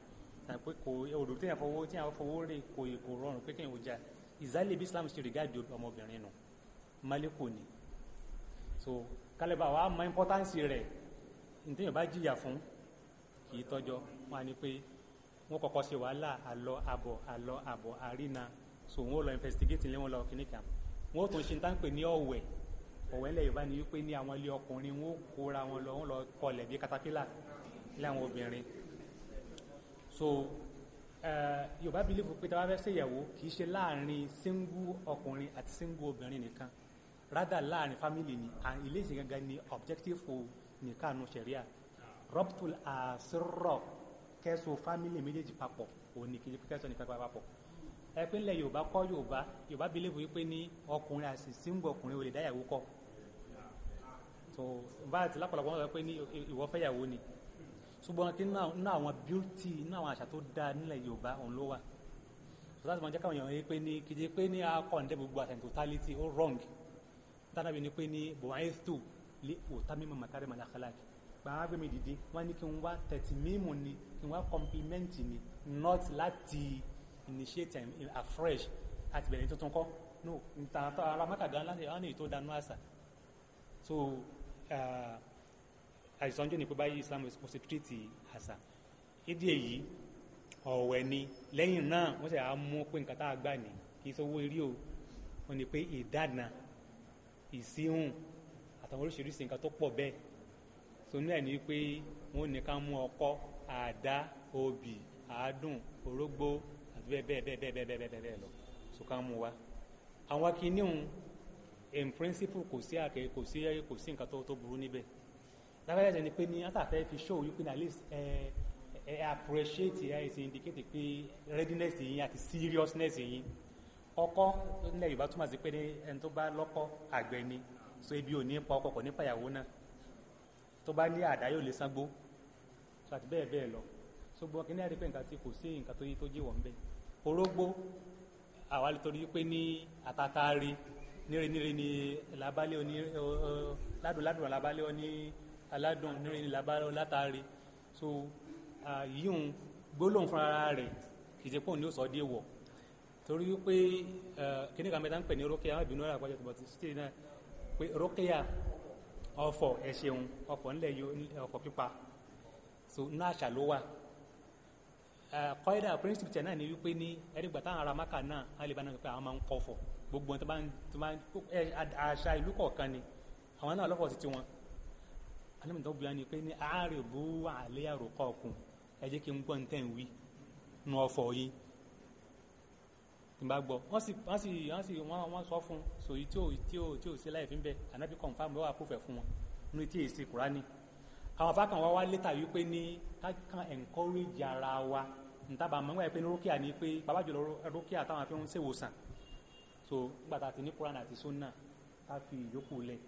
pé kò òdòdó tí yàn fọwọ́ tí yàn fọwọ́ rè kò kò rọrùn pé kéèyàn ò ìzálẹ̀ bí Islam ṣe rìgáàdì ọmọbìnrin nù málékò ni so kálíbà wa mọ ìmpọ́tánsì rẹ̀ ntẹ́yìn bá jìyà fún kì í tọ́jọ́ wọn ni pé wọn kọ́kọ́ ṣe wàhálà àlọ àbọ̀ àlọ àbọ̀ àrínà so wọn lọ investigate lé wọn lọ kíníkan wọn ó tún ṣe tá ń pè ní ọ̀wẹ̀ ọ̀wẹ̀ ńlẹ̀ yorùbá ni wípé ní àwọn ilé ọkùnrin wọn ó kóra wọn lọ wọn lọ kọlẹ̀ bí katapila ilé àwọn obìnrin so yorùbá bílífù pé táwa fẹ́ ṣèyàwó kì í ṣe láàrin síngú ọkùnrin àti síngú obìnrin nìkan rádà láàrin fámìlì ni ilé ìsìn gangan ni objective nìkanu ṣẹ̀ríà rọ́pùtù àṣírọ̀ kẹ́sùn fámìlì méjèèjì papọ̀ òní kìí kẹ́sùn nìkan papọ̀ ẹ pé ńlẹ̀ yorùbá kọ́ yorùbá yorùbá believe wípé ní ọkùnrin àti síngù ọkùnrin ò lè dá ìyàwó kọ́ so bá àti lápapọ̀ wọn sọ pé ní ìwọ fẹ́ ìyàwó ni ṣùgbọ́n kí nínú àwọn beauty nínú àwọn àṣà tó dáa nílẹ̀ yorùbá òun ló wà so láti mọ̀ jẹ́ káwọn èèyàn yé pé ní kìí pé ní akọ̀ǹdẹ́ gbogbo àṣà totality ó wrong tánàbí ni pé ní bọ̀wáyéstò lé òtá mímọ̀ màkárí màlákàlákì gbàgbà gbẹmí dìde wọn ní kí n wá tẹ̀tì mímù ni kí n wá kọ́mplimẹ́ǹtì ni not láti initiate and afresh at bẹ̀rẹ̀ tuntun kọ́ no ntàntà ara mákàgá ńlá wọn ní ètò ìdáná àṣà so uh, àìsàn jò ní pé báyìí Islam is supposed to treat àṣà ìdí èyí ọ̀wẹ̀ ni lẹ́yìn náà wọ́n sì á mú pé nǹkan tá a gbà ní kì í sọ owó eré o wọ́n ní pé ìdáná ìsíhùn àtàwọn oríṣiríṣi nǹkan tó pọ̀ bẹ́ẹ̀ so nílẹ̀ ni pé wọ́n ní ká mú ọkọ́ àdá obì àádùn orógbó bẹ́ẹ̀ bẹ́ẹ̀ bẹ́ẹ̀ bẹ́ẹ̀ bẹ́ẹ̀ bẹ́ẹ̀ bẹ́ẹ̀ lọ so ká mú wa àwọn akíníhun in principle kò sí àkè kò sí kò sí nǹkan tó burú níbẹ̀ lábẹ́rẹ́ ni pé ní àtàfẹ́ fi show you pé at least ẹ ẹ appreciate ẹ ẹ ti indicate pé readiness yín àti seriousness yín ọkọ nílẹ̀ Yorùbá túmọ̀ sí pé ní ẹni tó bá lọ́kọ àgbẹ̀ ni so ebi ò ní pa ọkọ kò ní pa ìyàwó náà tó bá ní àdá yóò lè sangbó so àti bẹ́ẹ̀ bẹ́ẹ̀ lọ so gbọ́ kí ní àdé pé nǹkan tí kò sí nǹkan tó yí tó jíwọ̀ ń bẹ́ẹ̀ orógbó àwa lè torí pé ní àtàtàrí nírenire ni làbálẹ oní ládùnládùn làbálẹ oní aládùn nírin ni làbálẹ látàrí so yíyún gbólóhùn fúnra rẹ̀ kì í ṣe pọ̀ ní ó sọ dé wọ̀ torí wípé kíní kan mẹ́ta ń pè ní rókèyà àwọn ìbínú àpájọ tó bọ̀ ti ṣe náà pé rókèyà ọ̀fọ̀ ẹ̀ṣẹ̀hun ọ̀fọ̀ ńlẹ̀ ọ̀fọ̀ pípa so náà àṣà ló wà kọ́ídà principle tẹ̀ náà ni wípé ní ẹni gbà táwọn ará maka náà á lè bá náà pé àwọn máa ń gbogbo wọn tó bá ń tó bá ni àwọn náà lọ́kọ̀ títí wọn alẹ́mi tó bíyà ni pé ní àárẹ̀ bó àlẹ́ àròkọ ọ̀kùn ẹ jẹ́ kí n gbọ́ nítẹ̀ ń wí nu ọ̀fọ̀ yìí tí n bá gbọ́ wọ́n sì wọ́n sì wọ́n sì wọ́n sọ fún so yìí tí ò tí ò tí ò sí láì fi ń bẹ ànábì confam lọ́wọ́ àpòfẹ́ fún wọn nínú etí àwọn afákan wa wá létà wípé ní kákan encourage ara wa ntaba mọ̀ nígbà pé ní rókíà ni pé bàbá jùlọ rókíà táwọn afẹ́ ń ṣèwòsàn so nígbà tá a ti ní Kùránì àti Sunnah ká fi ìyókù lẹ̀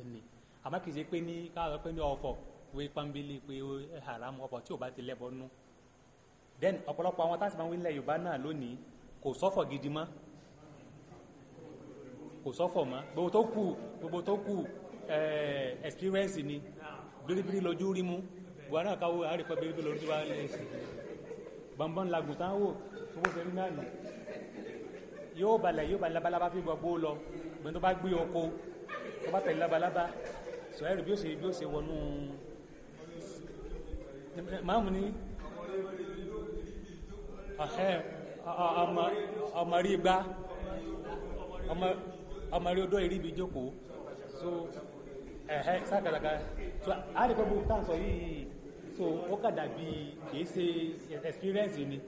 ẹni àmọ́ kì í ṣe pé ní ká sọ pé ní ọkọ̀ wé pọ́nbélé pé haram ọkọ̀ tí ò bá ti lẹ́bọ̀ nú then ọ̀pọ̀lọpọ̀ àwọn táṣìmọ̀ wílẹ̀ Yorùbá náà lónìí kò sọ́fọ̀ gidi mọ́ kò sọ́fọ̀ mọ́ gbogbo tó kù gbogbo tó kù eh, experience ni biribiri lọ́jú rí mú wà náà káwọ́ àríkọ́ biribiri lọ́jú wá lè sí bọ̀nbọ̀n lagùn tán wò fún bó ṣe rí náà nì yóò balẹ̀ yóò balẹ̀ labalábá fi gbọ́ gbó lọ gbọ́n tó bá gbé oko tó bá tẹ̀lé labalábá sọ ẹ̀rù bí ó ṣe bí ó ṣe wọnú máàmù ni ọmọ rí gbá ọmọ rí odó ìríbi jókòó so ẹ̀hẹ́ sákàlàkà so àdìgbòbò táǹsọ̀ yìí so ó kàdà bí kìí ṣe experience ni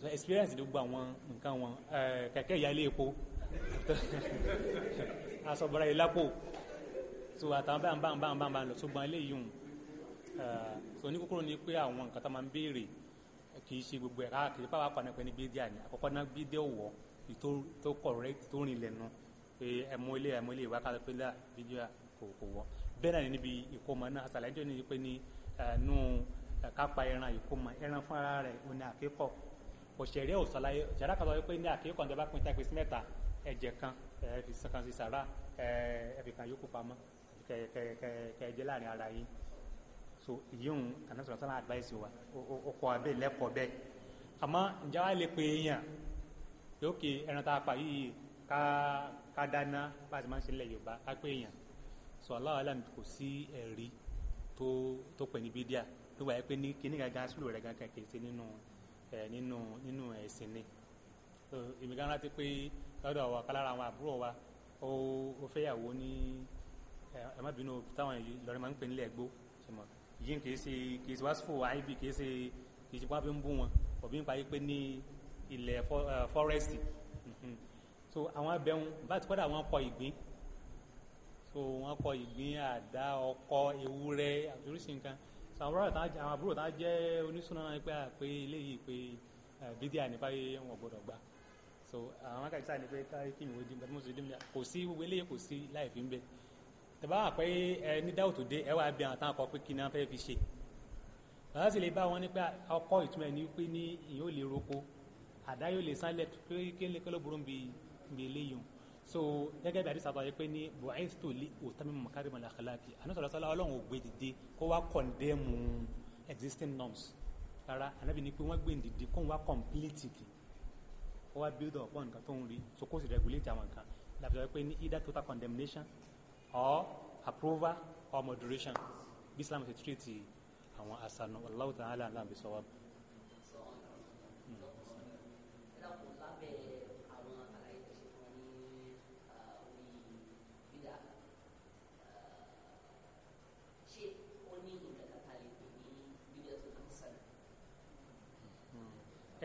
so experience ló gba àwọn nǹkan wọn kẹ̀kẹ́ ìyá ilé epo asọ̀bọ̀rọ̀ [LAUGHS] ìlápò so àtàwọn bá ń bá ń bá ń bá ń bá ń lọ so gbọ́n eléyìí hùn so ní kúkúrú ni pé àwọn nǹkan tó máa ń béèrè kìí ṣe gbogbo ẹ̀ káàkiri pàápàá kan náà pé ní bídíà ni àkọ́kọ́ náà bídíà wọ̀ tó correct tó rìn lẹ́nu pé ẹmú ilé ẹmú ilé ìwà kálọ pé lá fídíò kò kò wọ bẹ́ẹ̀ náà níbi ìkómọ náà àṣàlẹ̀ ẹjọ́ nìyí pé ní nù kápá o ìkómọ ẹran fúnra o ò ní àkíkọ̀ òṣèré ò sàlàyé ṣàrà kan sọ pé ní àkíkọ̀ ní ọba pín tá ìpèsè mẹ́ta ẹ̀jẹ̀ kan ẹ̀fì kan sí sàrà ẹ̀fì kan yókù pamọ́ kẹ̀kẹ́ láàrin ara yìí so ìyíhun kànáṣọ̀rọ̀ sálà advice wa ó kọ́ abẹ́ lẹ́kọ̀ọ́ bẹ́ẹ̀ àmọ́ ǹjẹ́ wàá lè pe èèyàn lókè ẹran tá a pa yìí ká ká dáná bá a ti máa ń ṣe nílẹ̀ yorùbá ká pé èèyàn sọ aláwọ̀ aláàmì kò sí ẹ̀rí tó tó pè ní bídíà tó wáyé pé ní kíní gangan sùlù rẹ̀ gangan kì ṣe nínú ẹ̀ nínú nínú ẹ̀sìn ni èmi gan rántí pé lọ́dọ̀ wa kálára àwọn àbúrò wa ó ó fẹ́yàwó ní ẹ má bínú táwọn ìlọrin máa ń pè nílẹ̀ gbó ṣùgbọ́n yìí kì í ṣe kì í ṣe wáṣífò àìbì kì ṣe kì ṣe wọ́n fi ń bú wọn òbí ń parí pé ní ilẹ̀ fọ́rẹ́sì so àwọn abẹ́hùn bá ti kọ́dà wọ́n kọ ìgbín so wọ́n kọ ìgbín àdá ọkọ ewúrẹ́ oríṣi nǹkan so àwọn àbúrò tá jẹ́ oníṣúná náà pé àpé eléyìí pé bídíà ní báyé wọn gbọ́dọ̀ gbà so àwọn akẹ́kọ̀ọ́ sáà ní pé káyé kí ìwé dìbò mọ́sọ̀ dìbò kò sí gbogbo eléyìí kò sí láì fi ń bẹ tẹ̀bá wà pé ẹ ní dáwò tó dé ẹ wá bí àwọn táwọn kọ pé kí ni wọ́n fẹ́ fi ṣe bàbá sì lè bá wọn nípa ọkọ ìtumọ̀ ẹ̀ ní pé ní ìyóò lè roko àdá yóò lè sálẹ̀ pé kí ló burú bíi bí eléyìí so gẹ́gẹ́ bí àdìsá báyìí pé ní bu'ithtu li utammima makarimal akhlaqi ànásọ̀rọ̀ sọ́lá ọlọ́run ò gbé dìde kó wá condemn existing norms rárá ànábì ni pé wọ́n gbé dìde kó wá complete it kó wá build up nǹkan tó ń rí so kó sì regulate àwọn nǹkan làbẹ̀sọ̀ pé ní either total condemnation or approval or moderation bí Islam ti treat àwọn asanu Allahu ta'ala alam bisawab.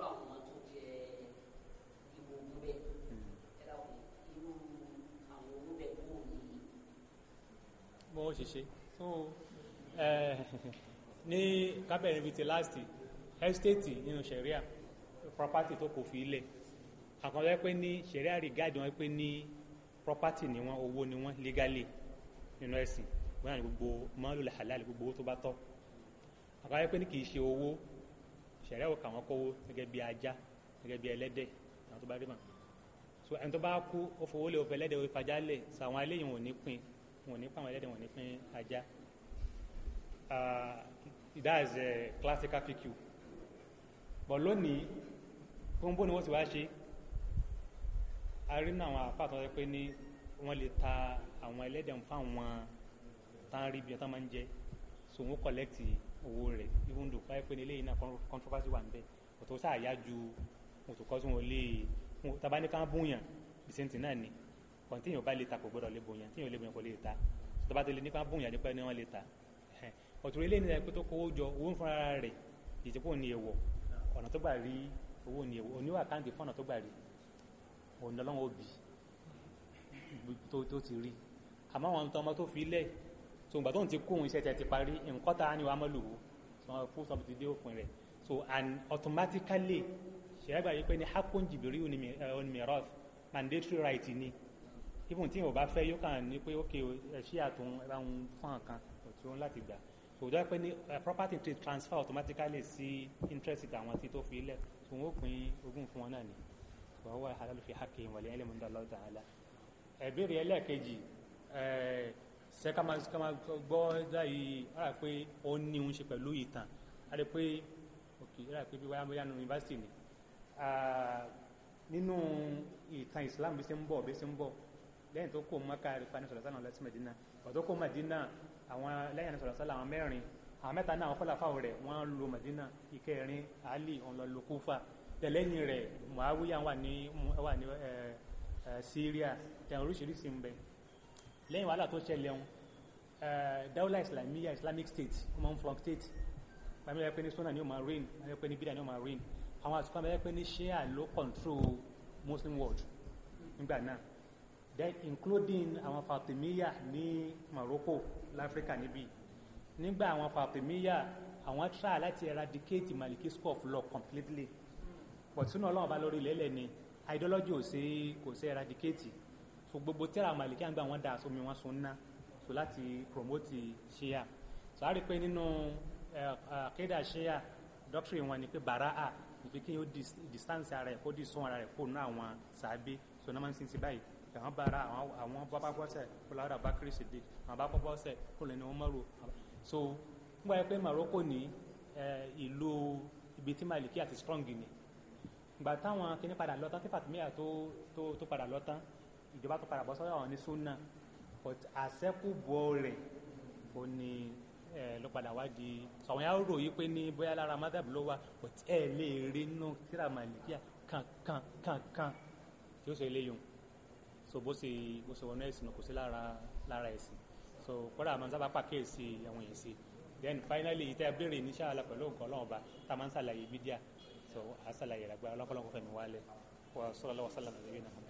irú àwọn ọmọ tó jẹ ìwò ogun bẹ́ẹ̀ hmm. ẹ dákun irú àwọn ogun bẹ́ẹ̀ kúrò ní. bó ṣe ṣe so ní kábẹ̀rẹ̀ bíi ti last estate nínú sẹ̀ríà property tó kò fi ilẹ̀ àkànlẹ́ pé ní sẹ̀ríà regard wọn pé ní property ni wọn owó ni wọn legally nínú ẹ̀sìn wọn náà ní gbogbo mọ́lù halal gbogbo owó tó bá tọ́ àkànlẹ́ pé ní kì í ṣe owó sẹ̀rẹ́ ò kà wọ́n kówó gẹ́gẹ́ bí ajá gẹ́gẹ́ bí ẹlẹ́dẹ̀ àwọn tó bá rí mà so ẹni tó bá kú ó fowó lé òfin ẹlẹ́dẹ̀ òfin ajá lẹ̀ sọ àwọn eléyìí wọn ò ní pín wọn ò ní pàwọn ẹlẹ́dẹ̀ wọn ò ní pín ajá ah, that is a classical PQ but lónìí gbogbo ni wọ́n ti wá ṣe a rí ní àwọn àpá àtọ́jọ́ pé ní wọ́n lè ta àwọn ẹlẹ́dẹ̀ fún àwọn tá ń rí bí wọ́n tá máa ń jẹ so wọ́n kọ̀lẹ́kìtì owó rẹ̀ even though báyìí pé nílé iná controversy wà níbẹ̀ òtò sáà yá ju òtò kọ́ sún olè tabaníkà bóyàn ìsẹ́ntì náà ni ọ̀n tíyàn bá lè ta kò gbọ́dọ̀ lè bóyàn tíyàn lè bóyàn kò lè ta tó bá tẹ̀lé nípa bóyàn nípa ẹni wọ́n lè ta ọ̀tún ilé nílẹ̀ pé tó kówó jọ owó fúnra rẹ̀ ìjẹ́pọ̀ ní èèwọ̀ ọ̀nà tó gbà rí owó ní èèwọ̀ oníwà káńtì fọ́nà tó gbà rí so ìgbà tó ń ti kóhun iṣẹ́ tẹ ti parí nǹkan tá a ní wa mọ́ lò ó so full stop ti dé òpin rẹ̀ so and automatically ṣẹ̀rẹ́gbà yìí pé ní hakun jìbìrí onímìíràn eh, mandatory right ni even tí o bá fẹ́ yóò kàn ní pé ok ṣí àtún ẹ̀rọ ń fún àkàn tí ó ń láti gbà so ìjọba pé ní eh, property to transfer automatically sí interest àwọn tí tó fi ilẹ̀ so wọ́n pín ogún fún wọn náà ni wọ́n wà halalu fi haqqi wal ilmu inda Allah ta'ala ẹ̀bẹ̀rẹ̀ ẹlẹ́ẹ̀kejì ẹ̀ẹ́ eh, ṣe ká máa gbọ́ láyìí ara pé ó ní òun ṣe pẹ̀lú ìtàn a lè pé òkè ara pé bí wáyà bóyá nu yunifásitì ni nínú ìtàn Islam bí ṣe ń bọ̀ bí ṣe ń bọ̀ lẹ́yìn tó kó mọ́ká rí fani sọ̀rọ̀ sálà lọ́sí Mẹ́dínà ọ̀ tó kó Mẹ́dínà àwọn lẹ́yìn sọ̀rọ̀ sálà àwọn àwọn mẹ́ta náà kọ́lá fáwọn rẹ̀ wọ́n lo Mẹ́dínà ìkẹrin Ali ọ̀nà lo Kúfà tẹ̀lẹ́yìn rẹ̀ Muawiya wà ní Syria tẹ̀ oríṣiríṣi ń bẹ lẹ́yìn wàhálà tó ṣẹlẹ̀ ọ̀hún eh, dawla islamiyya islamic state wọ́n máa flunk state wọ́n máa ń pẹ́ ní sunna ni ó máa rain wọ́n máa ń pẹ́ ní bídà ni ó máa rain àwọn àtúkọ́ máa ń pẹ́ ní shia ló control muslim world nígbà náà then including àwọn fatimiyya ní morocco láfíríkà níbí nígbà àwọn fatimiyya àwọn try láti eradicate maliki school of law completely but sunna ọlọ́run ọba lórí ilẹ̀ lẹ́ni ideology ò sí kò sí eradicate so gbogbo tíra màlìkí àgbà wọn dà sómi wọn sun ná so láti promote ṣíà so a rí pé nínú àkédà ṣíà doctrine wọn ni pé bàráà ìpè kí yóò distance ara ẹ̀ kó dì sún ara ẹ̀ kó nú àwọn sàábé so náà máa ń sin sí báyìí àwọn bàrà àwọn bábá bọ́sẹ̀ kó lára bá kiri ṣèdè àwọn bábá bọ́sẹ̀ kó lẹ́ni wọn mọ́rò so nígbà yẹn pé Morocco ní ìlú ibi tí màlìkí àti strong ni gbà táwọn kíní padà lọ tán tí Fatimiyya tó padà lọ tán ìjọba tó padà bọ́ sọ́dọ̀ àwọn ní súnà but àṣẹ́kùbọ̀ rẹ̀ ó ní ẹ ló padà wá di àwọn yàrá rò yìí pé ní bóyá lára madhab ló wà but ẹ lè rí inú tíra màlìkíà kankan kankan tí ó ṣe léyìn so bó ṣe bó ṣe wọnú ẹ̀sìn kò sí lára lára ẹ̀sìn so kódà máa ń sábà pàkíyèsí àwọn èèyàn sí then finally ìtẹ́ abéèrè ní sàlà pẹ̀lú nǹkan ọlọ́run ọba tá a máa ń ṣàlàyé bídíà so àṣàlàyé ìlàgbára ọlọ́kọ̀ọ́lọ́kọ̀ fẹ̀mí wálẹ̀ wọ́n sọ́lọ́lọ́wọ́ sálàmù lórí náà.